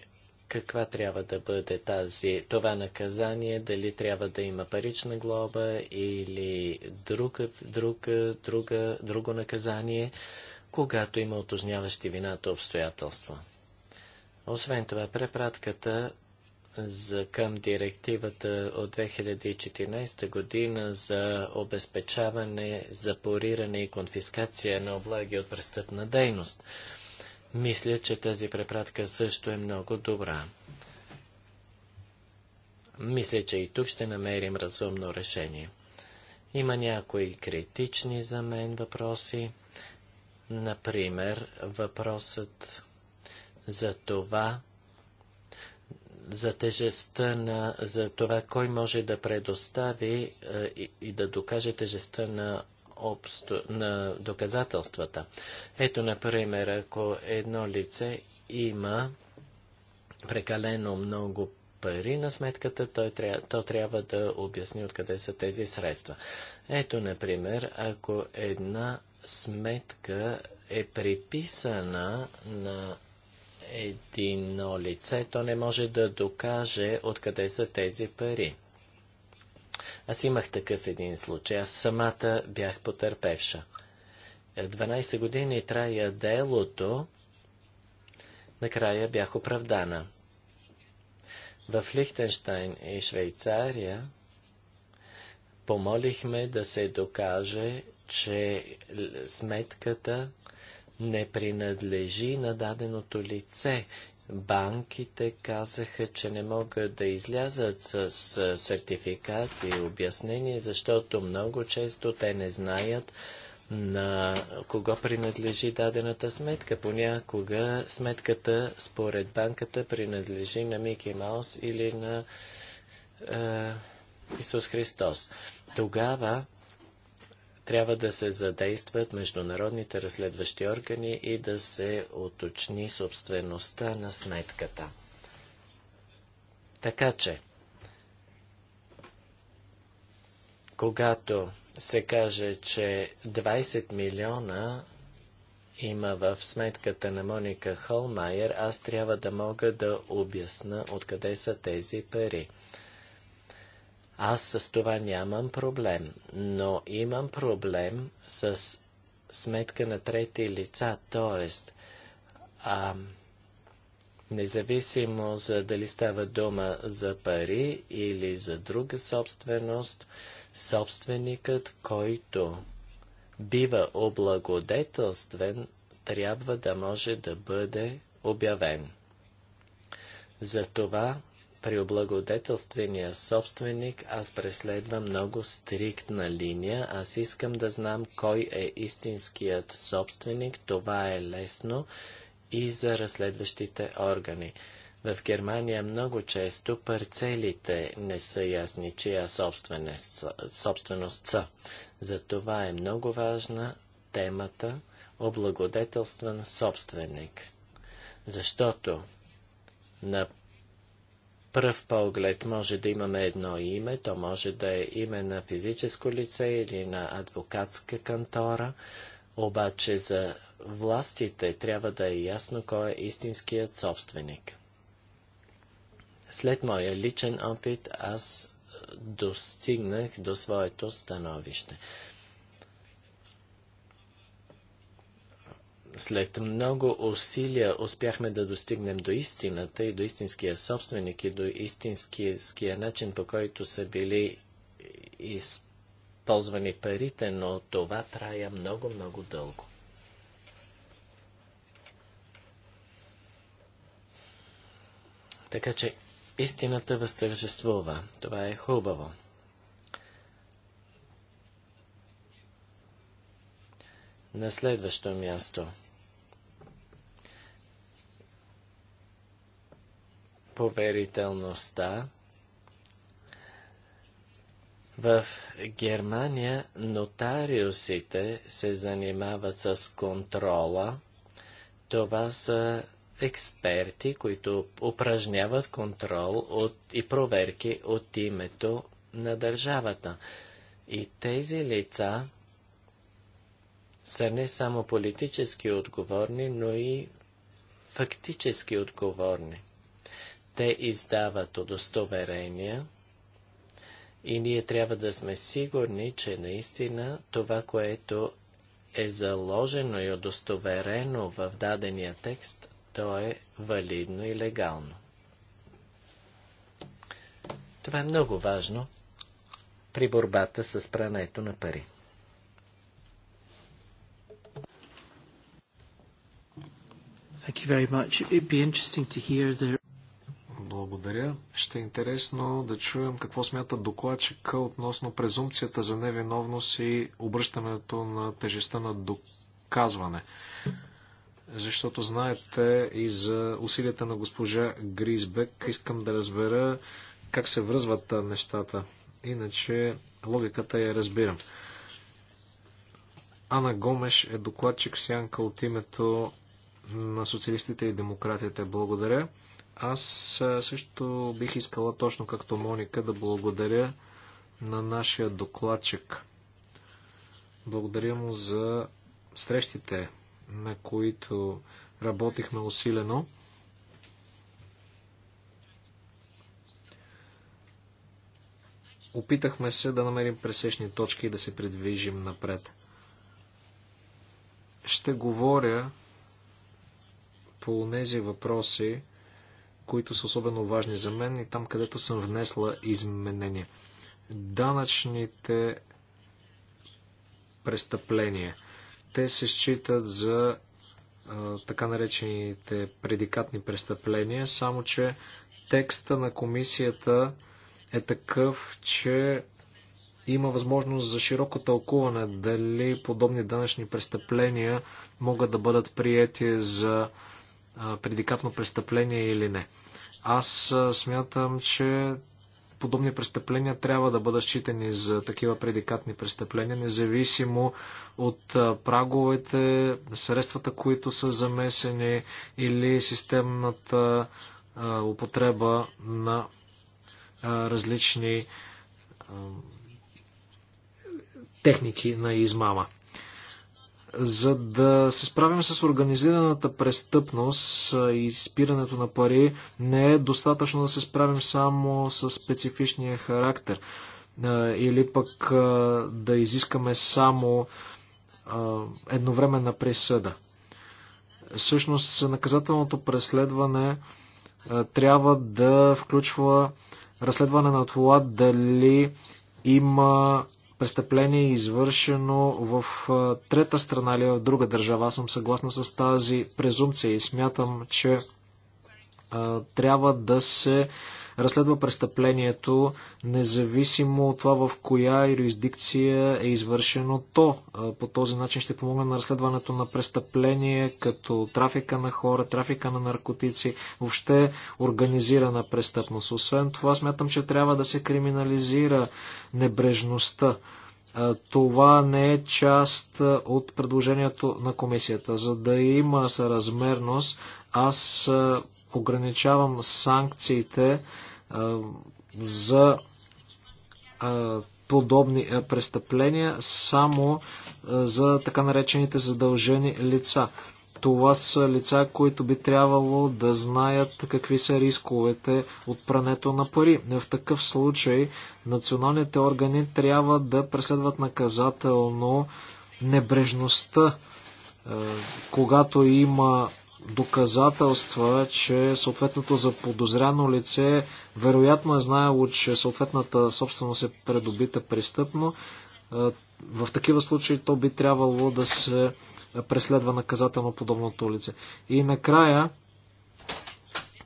каква трябва да бъде тази, това наказание, дали трябва да има парична глоба или друг, друг, друга, друго наказание, когато има отожняващи вината обстоятелства. Освен това, препратката за към директивата от 2014 година за обезпечаване, запориране и конфискация на облаги от престъпна дейност – мисля, че тази препратка също е много добра. Мисля, че и тук ще намерим разумно решение. Има някои критични за мен въпроси. Например, въпросът за това, за тежестта на, за това кой може да предостави е, и, и да докаже тежестта на обсто... на доказателствата. Ето, например, ако едно лице има прекалено много пари на сметката, той трябва, то трябва да обясни откъде са тези средства. Ето, например, ако една сметка е приписана на едно лице, то не може да докаже откъде са тези пари. Аз имах такъв един случай. Аз самата бях потърпевша. 12 е, години трая делото. Накрая бях оправдана. В Лихтенштайн и Швейцария помолихме да се докаже, че сметката не принадлежи на даденото лице банките казаха, че не могат да излязат с сертификат и обяснение, защото много често те не знаят на кого принадлежи дадената сметка. Понякога сметката според банката принадлежи на Мики Маус или на е, Исус Христос. Тогава трябва да се задействат международните разследващи органи и да се уточни собствеността на сметката. Така че, когато се каже, че 20 милиона има в сметката на Моника Холмайер, аз трябва да мога да обясна откъде са тези пари. Аз с това нямам проблем, но имам проблем с сметка на трети лица, т.е. независимо за дали става дума за пари или за друга собственост, собственикът, който бива облагодетелствен, трябва да може да бъде обявен. Затова при облагодетелствения собственик аз преследвам много стриктна линия. Аз искам да знам кой е истинският собственик. Това е лесно и за разследващите органи. В Германия много често парцелите не са ясни, чия собственост са. Затова е много важна темата облагодетелстван собственик. Защото на пръв поглед може да имаме едно име, то може да е име на физическо лице или на адвокатска кантора, обаче за властите трябва да е ясно кой е истинският собственик. След моя личен опит аз достигнах до своето становище. след много усилия успяхме да достигнем до истината и до истинския собственик и до истинския начин, по който са били използвани парите, но това трая много-много дълго. Така че истината възтържествува. Това е хубаво. На следващо място. Поверителността в Германия нотариусите се занимават с контрола. Това са експерти, които упражняват контрол от, и проверки от името на държавата. И тези лица са не само политически отговорни, но и фактически отговорни. Те издават удостоверения и ние трябва да сме сигурни, че наистина това, което е заложено и удостоверено в дадения текст, то е валидно и легално. Това е много важно при борбата с прането на пари. Thank you very much. It'd be interesting to hear the... Благодаря. Ще е интересно да чуем какво смята докладчика относно презумпцията за невиновност и обръщането на тежестта на доказване. Защото знаете и за усилията на госпожа Гризбек. Искам да разбера как се връзват нещата. Иначе логиката я разбирам. Ана Гомеш е докладчик сянка от името на социалистите и демократите. Благодаря. Аз също бих искала, точно както Моника, да благодаря на нашия докладчик. Благодаря му за срещите, на които работихме усилено. Опитахме се да намерим пресечни точки и да се придвижим напред. Ще говоря по тези въпроси, които са особено важни за мен и там, където съм внесла изменения. Данъчните престъпления. Те се считат за а, така наречените предикатни престъпления, само че текста на комисията е такъв, че има възможност за широко тълкуване дали подобни данъчни престъпления могат да бъдат приети за предикатно престъпление или не. Аз смятам, че подобни престъпления трябва да бъдат считани за такива предикатни престъпления, независимо от праговете, средствата, които са замесени или системната употреба на различни техники на измама. За да се справим с организираната престъпност и спирането на пари, не е достатъчно да се справим само с специфичния характер или пък да изискаме само едновременна присъда. Всъщност наказателното преследване трябва да включва разследване на това дали има престъпление, извършено в трета страна или в друга държава. Аз съм съгласна с тази презумпция и смятам, че трябва да се разследва престъплението, независимо от това в коя юрисдикция е извършено то. По този начин ще помогне на разследването на престъпление, като трафика на хора, трафика на наркотици, въобще организирана престъпност. Освен това, смятам, че трябва да се криминализира небрежността. Това не е част от предложението на комисията. За да има съразмерност, аз ограничавам санкциите за подобни престъпления само за така наречените задължени лица. Това са лица, които би трябвало да знаят какви са рисковете от прането на пари. В такъв случай националните органи трябва да преследват наказателно небрежността, когато има доказателства, че съответното заподозряно лице вероятно е знаело, че съответната собственост е предобита престъпно. Е, в такива случаи то би трябвало да се преследва наказателно подобното лице. И накрая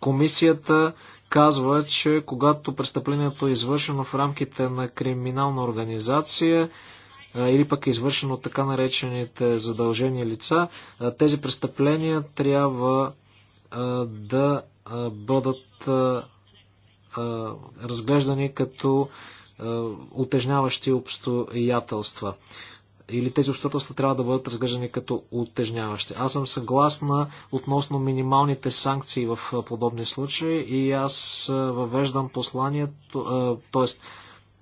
комисията казва, че когато престъплението е извършено в рамките на криминална организация, или пък е извършено от така наречените задължени лица, тези престъпления трябва да бъдат разглеждани като утежняващи обстоятелства. Или тези обстоятелства трябва да бъдат разглеждани като утежняващи. Аз съм съгласна относно минималните санкции в подобни случаи и аз въвеждам посланието, т.е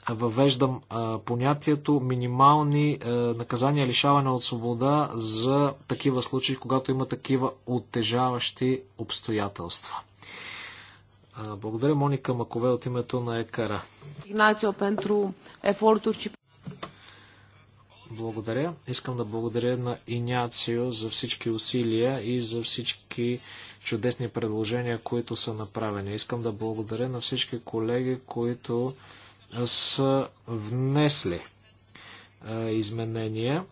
въвеждам понятието минимални наказания лишаване от свобода за такива случаи, когато има такива оттежаващи обстоятелства. Благодаря Моника Макове от името на ЕКАРА. Благодаря. Искам да благодаря на Иняцио за всички усилия и за всички чудесни предложения, които са направени. Искам да благодаря на всички колеги, които са внесли изменения.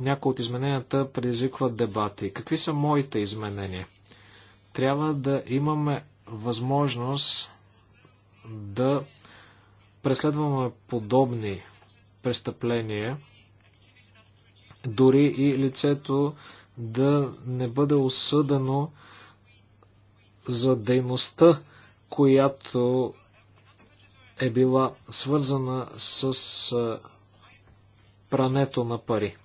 Някои от измененията предизвикват дебати. Какви са моите изменения? Трябва да имаме възможност да преследваме подобни престъпления, дори и лицето да не бъде осъдено за дейността, която е била свързана с прането на пари.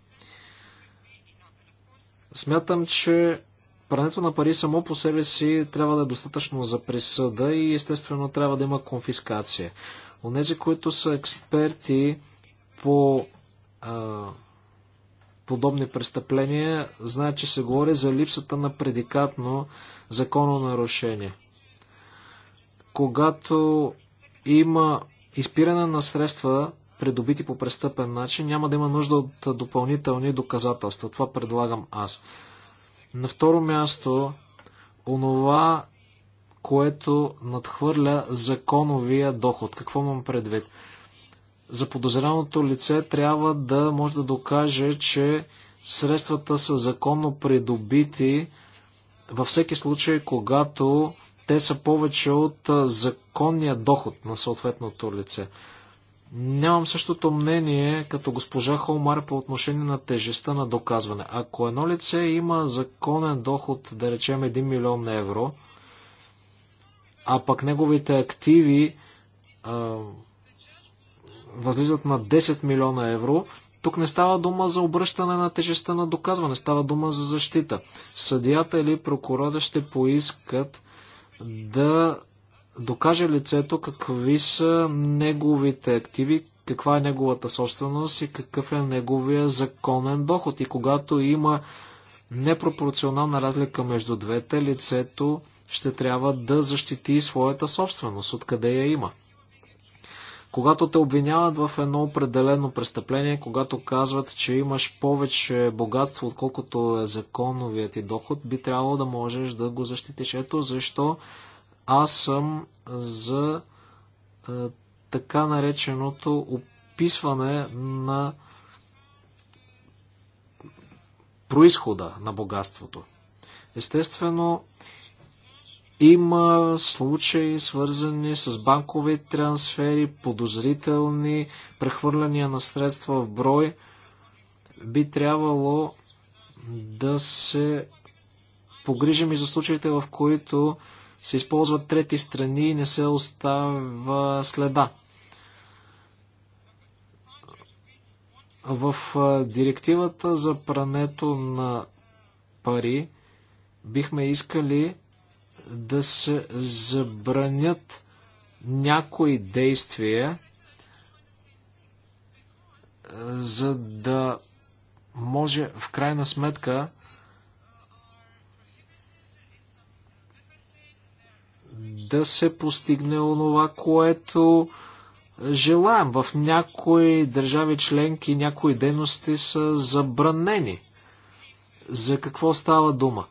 Смятам, че прането на пари само по себе си трябва да е достатъчно за присъда и естествено трябва да има конфискация. Онези, които са експерти по а, подобни престъпления, знаят, че се говори за липсата на предикатно закононарушение. Когато има изпиране на средства, придобити по престъпен начин, няма да има нужда от допълнителни доказателства. Това предлагам аз. На второ място, онова, което надхвърля законовия доход. Какво имам предвид? За подозреното лице трябва да може да докаже, че средствата са законно придобити във всеки случай, когато те са повече от законния доход на съответното лице. Нямам същото мнение като госпожа Холмар по отношение на тежестта на доказване. Ако едно лице има законен доход, да речем 1 милион евро, а пък неговите активи а, възлизат на 10 милиона евро, тук не става дума за обръщане на тежестта на доказване, става дума за защита. Съдията или прокурора ще поискат да докаже лицето какви са неговите активи, каква е неговата собственост и какъв е неговия законен доход. И когато има непропорционална разлика между двете, лицето ще трябва да защити своята собственост, откъде я има. Когато те обвиняват в едно определено престъпление, когато казват, че имаш повече богатство, отколкото е законовият ти доход, би трябвало да можеш да го защитиш. Ето защо аз съм за е, така нареченото описване на происхода на богатството. Естествено, има случаи свързани с банкови трансфери, подозрителни, прехвърляния на средства в брой. Би трябвало да се погрижим и за случаите, в които се използват трети страни и не се остава следа. В директивата за прането на пари бихме искали да се забранят някои действия, е, за да може в крайна сметка да се постигне онова, което желаем. В някои държави членки някои дейности са забранени. За какво става дума?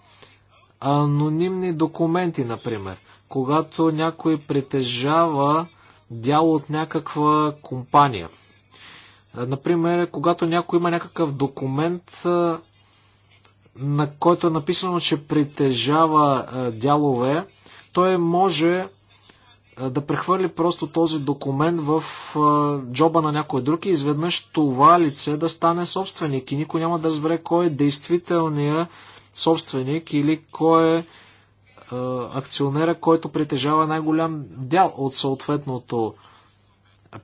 анонимни документи, например. Когато някой притежава дял от някаква компания. Например, когато някой има някакъв документ, на който е написано, че притежава дялове, той може да прехвърли просто този документ в джоба на някой друг и изведнъж това лице да стане собственик и никой няма да разбере кой е действителният собственик или кой е акционера, който притежава най-голям дял от съответното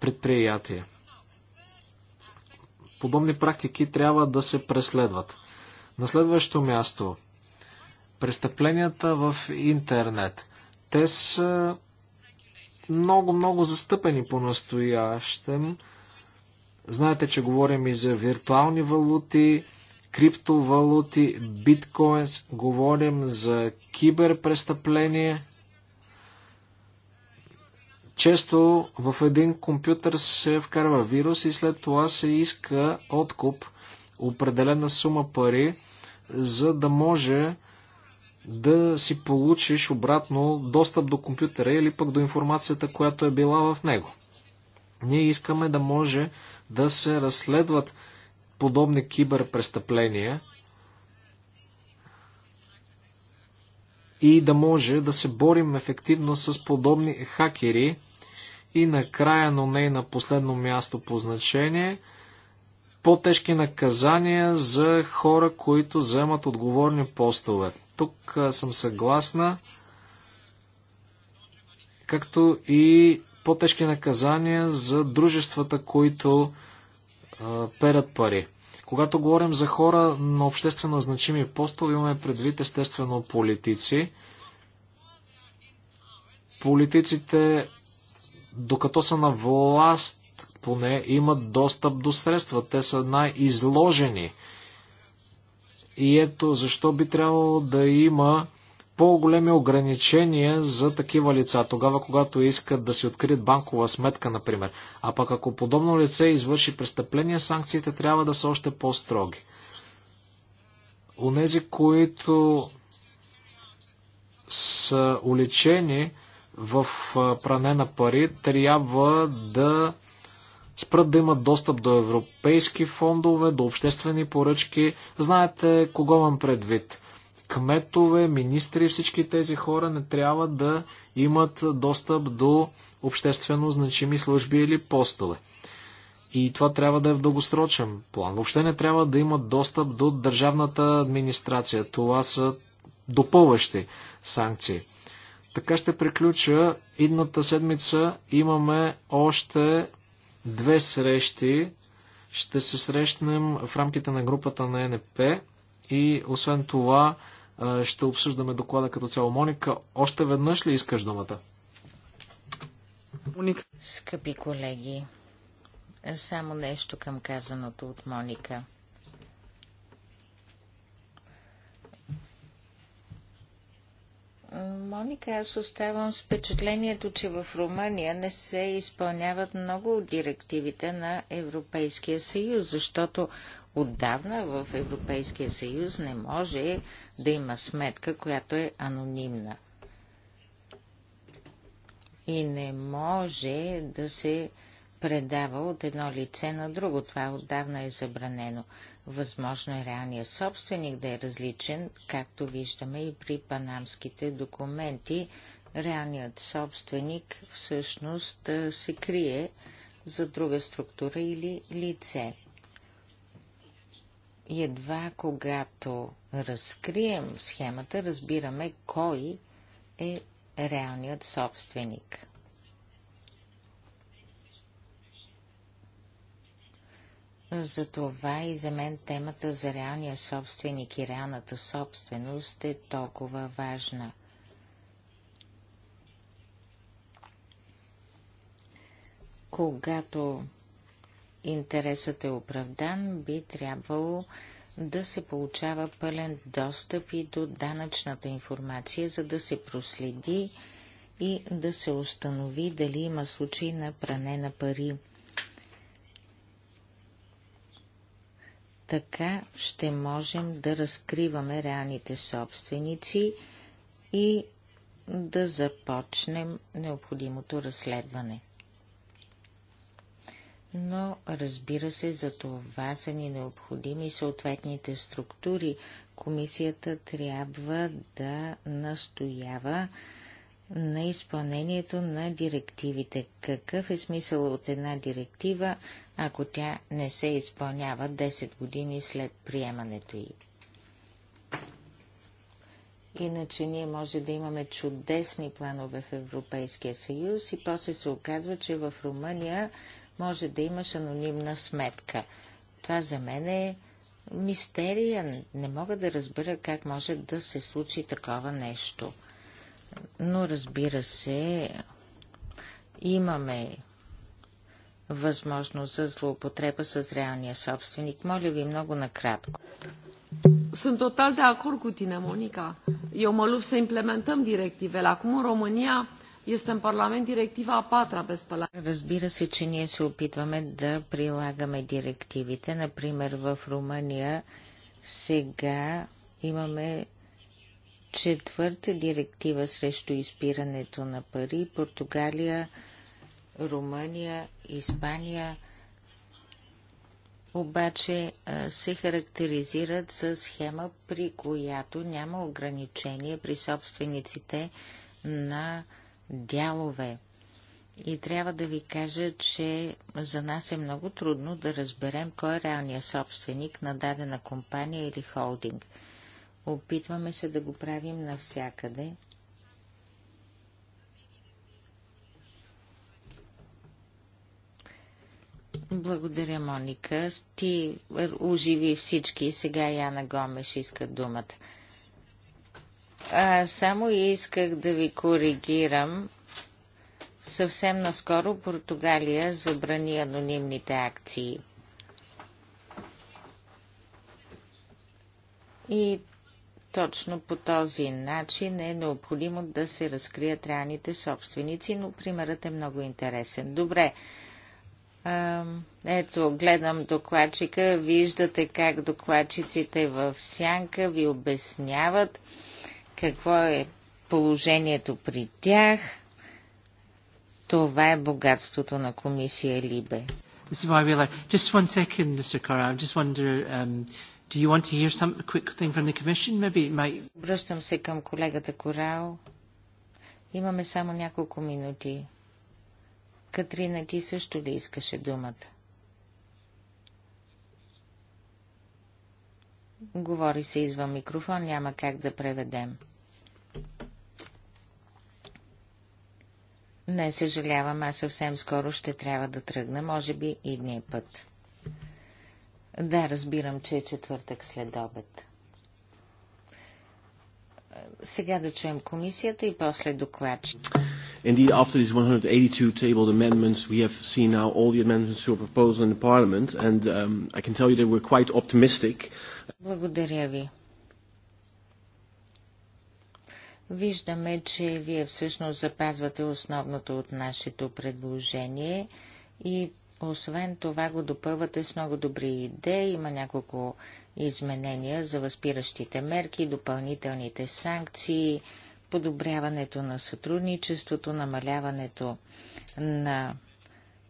предприятие. Подобни практики трябва да се преследват. На следващо място, престъпленията в интернет. Те са много-много застъпени по-настоящем. Знаете, че говорим и за виртуални валути, криптовалути, биткоинс, говорим за киберпрестъпление. Често в един компютър се вкарва вирус и след това се иска откуп определена сума пари, за да може да си получиш обратно достъп до компютъра или пък до информацията, която е била в него. Ние искаме да може да се разследват подобни киберпрестъпления и да може да се борим ефективно с подобни хакери и накрая, но не на последно място по значение, по-тежки наказания за хора, които вземат отговорни постове. Тук съм съгласна, както и по-тежки наказания за дружествата, които перат пари. Когато говорим за хора на обществено значими постове, имаме предвид естествено политици. Политиците, докато са на власт, поне имат достъп до средства. Те са най-изложени. И ето защо би трябвало да има по-големи ограничения за такива лица, тогава когато искат да си открият банкова сметка, например. А пък ако подобно лице извърши престъпление, санкциите трябва да са още по-строги. Онези, които са уличени в пране на пари, трябва да спрат да имат достъп до европейски фондове, до обществени поръчки. Знаете кого имам предвид – кметове, министри, всички тези хора не трябва да имат достъп до обществено значими служби или постове. И това трябва да е в дългосрочен план. Въобще не трябва да имат достъп до държавната администрация. Това са допълващи санкции. Така ще приключа. Идната седмица имаме още две срещи. Ще се срещнем в рамките на групата на НП и освен това ще обсъждаме доклада като цяло. Моника, още веднъж ли искаш думата? Моника. Скъпи колеги, само нещо към казаното от Моника. Моника, аз оставам с впечатлението, че в Румъния не се изпълняват много от директивите на Европейския съюз, защото отдавна в Европейския съюз не може да има сметка, която е анонимна. И не може да се предава от едно лице на друго. Това отдавна е забранено. Възможно е реалният собственик да е различен, както виждаме и при панамските документи. Реалният собственик всъщност се крие за друга структура или лице. едва когато разкрием схемата, разбираме кой е реалният собственик. Затова и за мен темата за реалния собственик и реалната собственост е толкова важна. Когато интересът е оправдан, би трябвало да се получава пълен достъп и до данъчната информация, за да се проследи и да се установи дали има случай на пране на пари. Така ще можем да разкриваме реалните собственици и да започнем необходимото разследване. Но, разбира се, за това са ни необходими съответните структури. Комисията трябва да настоява на изпълнението на директивите. Какъв е смисъл от една директива, ако тя не се изпълнява 10 години след приемането й. Иначе ние може да имаме чудесни планове в Европейския съюз и после се оказва, че в Румъния може да имаш анонимна сметка. Това за мен е мистерия. Не мога да разбера как може да се случи такова нещо. Но разбира се, имаме възможност за злоупотреба с реалния собственик. Моля ви много накратко. Sunt total de acord cu tine, Monica. Eu mă lupt să implementăm directivele. Acum în România este în Parlament directiva a patra pe spălare. Разбира се, че ние се опитваме да прилагаме директивите. Например, в Румъния сега имаме четвърта директива срещу изпирането на пари. Португалия – Румъния, Испания, обаче се характеризират с схема, при която няма ограничение при собствениците на дялове. И трябва да ви кажа, че за нас е много трудно да разберем кой е реалният собственик на дадена компания или холдинг. Опитваме се да го правим навсякъде – Благодаря, Моника. Ти оживи всички. Сега Яна Гомеш иска думата. А, само исках да ви коригирам. Съвсем наскоро Португалия забрани анонимните акции. И точно по този начин е необходимо да се разкрият реалните собственици, но примерът е много интересен. Добре, ето, гледам докладчика, виждате как докладчиците в сянка ви обясняват какво е положението при тях. Това е богатството на комисия Либе. This is why we like. Just one second, Mr. Carr. I just wonder, um, do you want to hear some quick thing from the commission? Maybe Връщам се към колегата Корал. Имаме само няколко минути. Катрина, ти също ли искаше думата? Говори се извън микрофон, няма как да преведем. Не съжалявам, аз съвсем скоро ще трябва да тръгна, може би и дния път. Да, разбирам, че е четвъртък след обед. Сега да чуем комисията и после докладчик. Indeed, after these 182 tabled amendments, we have seen now all the amendments to a proposal in the Parliament, and um, I can tell you that we're quite optimistic. Благодаря ви. Виждаме, че вие всъщност запазвате основното от нашето предложение и освен това го допълвате с много добри идеи. Има няколко изменения за възпиращите мерки, допълнителните санкции, подобряването на сътрудничеството, намаляването на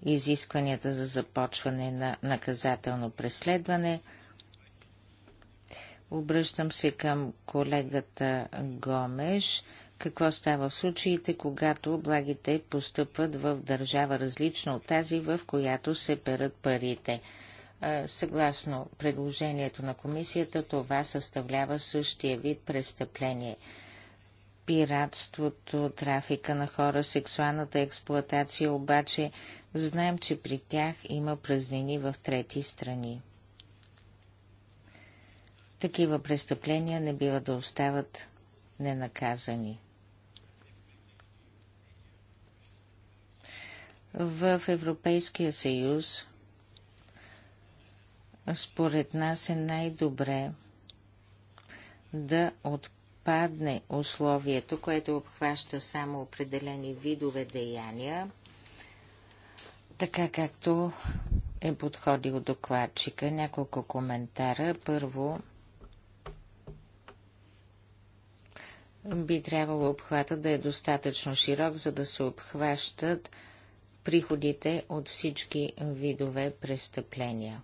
изискванията за започване на наказателно преследване. Обръщам се към колегата Гомеш. Какво става в случаите, когато благите постъпват в държава различно от тази, в която се перат парите? Съгласно предложението на комисията, това съставлява същия вид престъпление – пиратството, трафика на хора, сексуалната експлоатация, обаче знаем, че при тях има празнини в трети страни. Такива престъпления не бива да остават ненаказани. В Европейския съюз според нас е най-добре да отпочваме отпадне условието, което обхваща само определени видове деяния, така както е подходил докладчика. Няколко коментара. Първо, би трябвало обхвата да е достатъчно широк, за да се обхващат приходите от всички видове престъпления.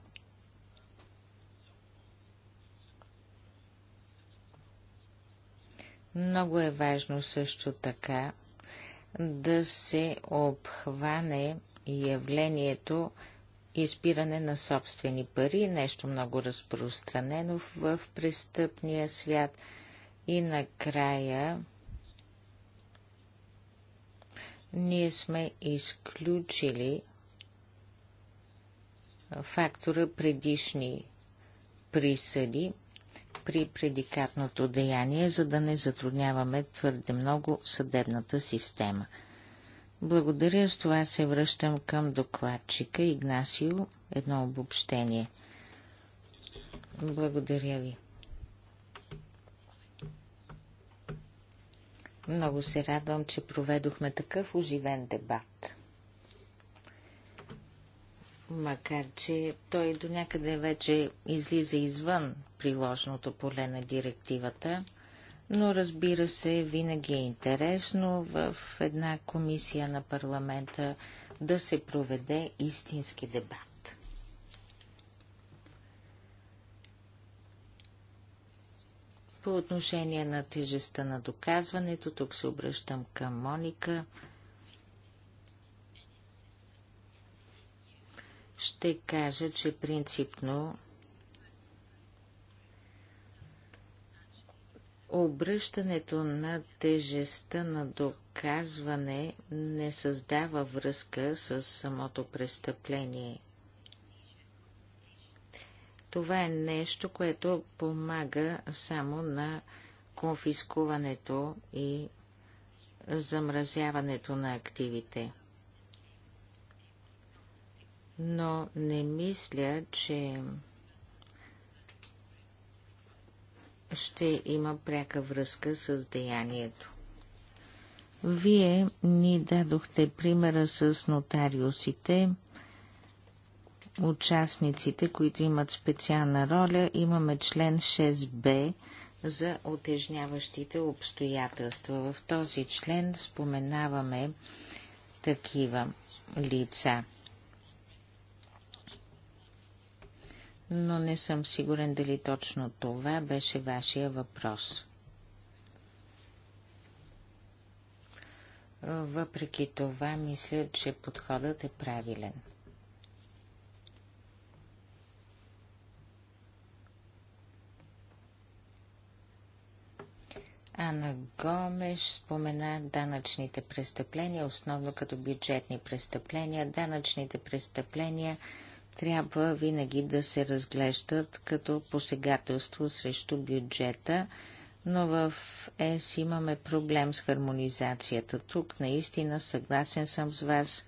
Много е важно също така да се обхване явлението изпиране на собствени пари, нещо много разпространено в престъпния свят. И накрая ние сме изключили фактора предишни присъди, при предикатното деяние, за да не затрудняваме твърде много съдебната система. Благодаря, с това се връщам към докладчика Игнасио, едно обобщение. Благодаря ви. Много се радвам, че проведохме такъв оживен дебат макар че той до някъде вече излиза извън приложното поле на директивата, но разбира се, винаги е интересно в една комисия на парламента да се проведе истински дебат. По отношение на тежестта на доказването, тук се обръщам към Моника – ще кажа, че принципно обръщането на тежестта на доказване не създава връзка с самото престъпление. Това е нещо, което помага само на конфискуването и замразяването на активите но не мисля, че ще има пряка връзка с деянието. Вие ни дадохте примера с нотариусите, участниците, които имат специална роля. Имаме член 6б за отежняващите обстоятелства. В този член споменаваме такива лица. но не съм сигурен дали точно това беше вашия въпрос. Въпреки това, мисля, че подходът е правилен. Ана Гомеш спомена данъчните престъпления, основно като бюджетни престъпления. Данъчните престъпления – трябва винаги да се разглеждат като посегателство срещу бюджета, но в ЕС имаме проблем с хармонизацията. Тук наистина съгласен съм с вас.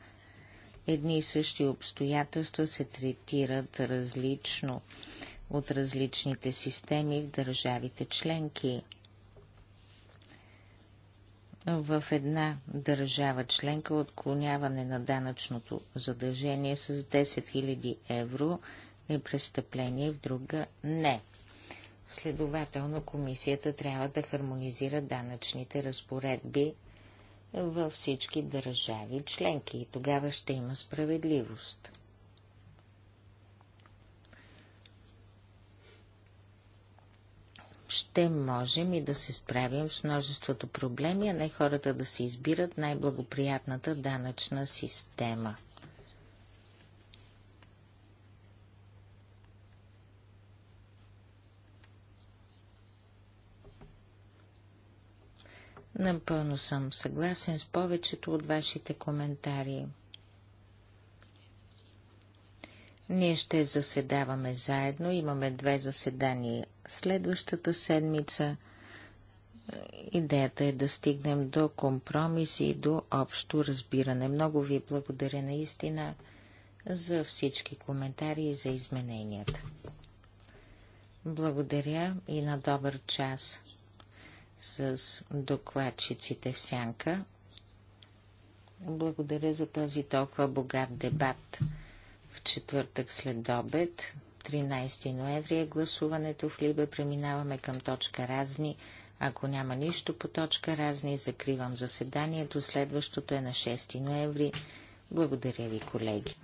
Едни и същи обстоятелства се третират различно от различните системи в държавите членки в една държава членка отклоняване на данъчното задължение с 10 000 евро е престъпление, в друга не. Следователно, комисията трябва да хармонизира данъчните разпоредби във всички държави членки и тогава ще има справедливост. ще можем и да се справим с множеството проблеми, а не хората да се избират най-благоприятната данъчна система. Напълно съм съгласен с повечето от вашите коментари. Ние ще заседаваме заедно. Имаме две заседания следващата седмица. Идеята е да стигнем до компромиси и до общо разбиране. Много ви благодаря наистина за всички коментари и за измененията. Благодаря и на добър час с докладчиците в сянка. Благодаря за този толкова богат дебат в четвъртък след обед. 13 ноември е гласуването в Либе. Преминаваме към точка разни. Ако няма нищо по точка разни, закривам заседанието. Следващото е на 6 ноември. Благодаря ви, колеги.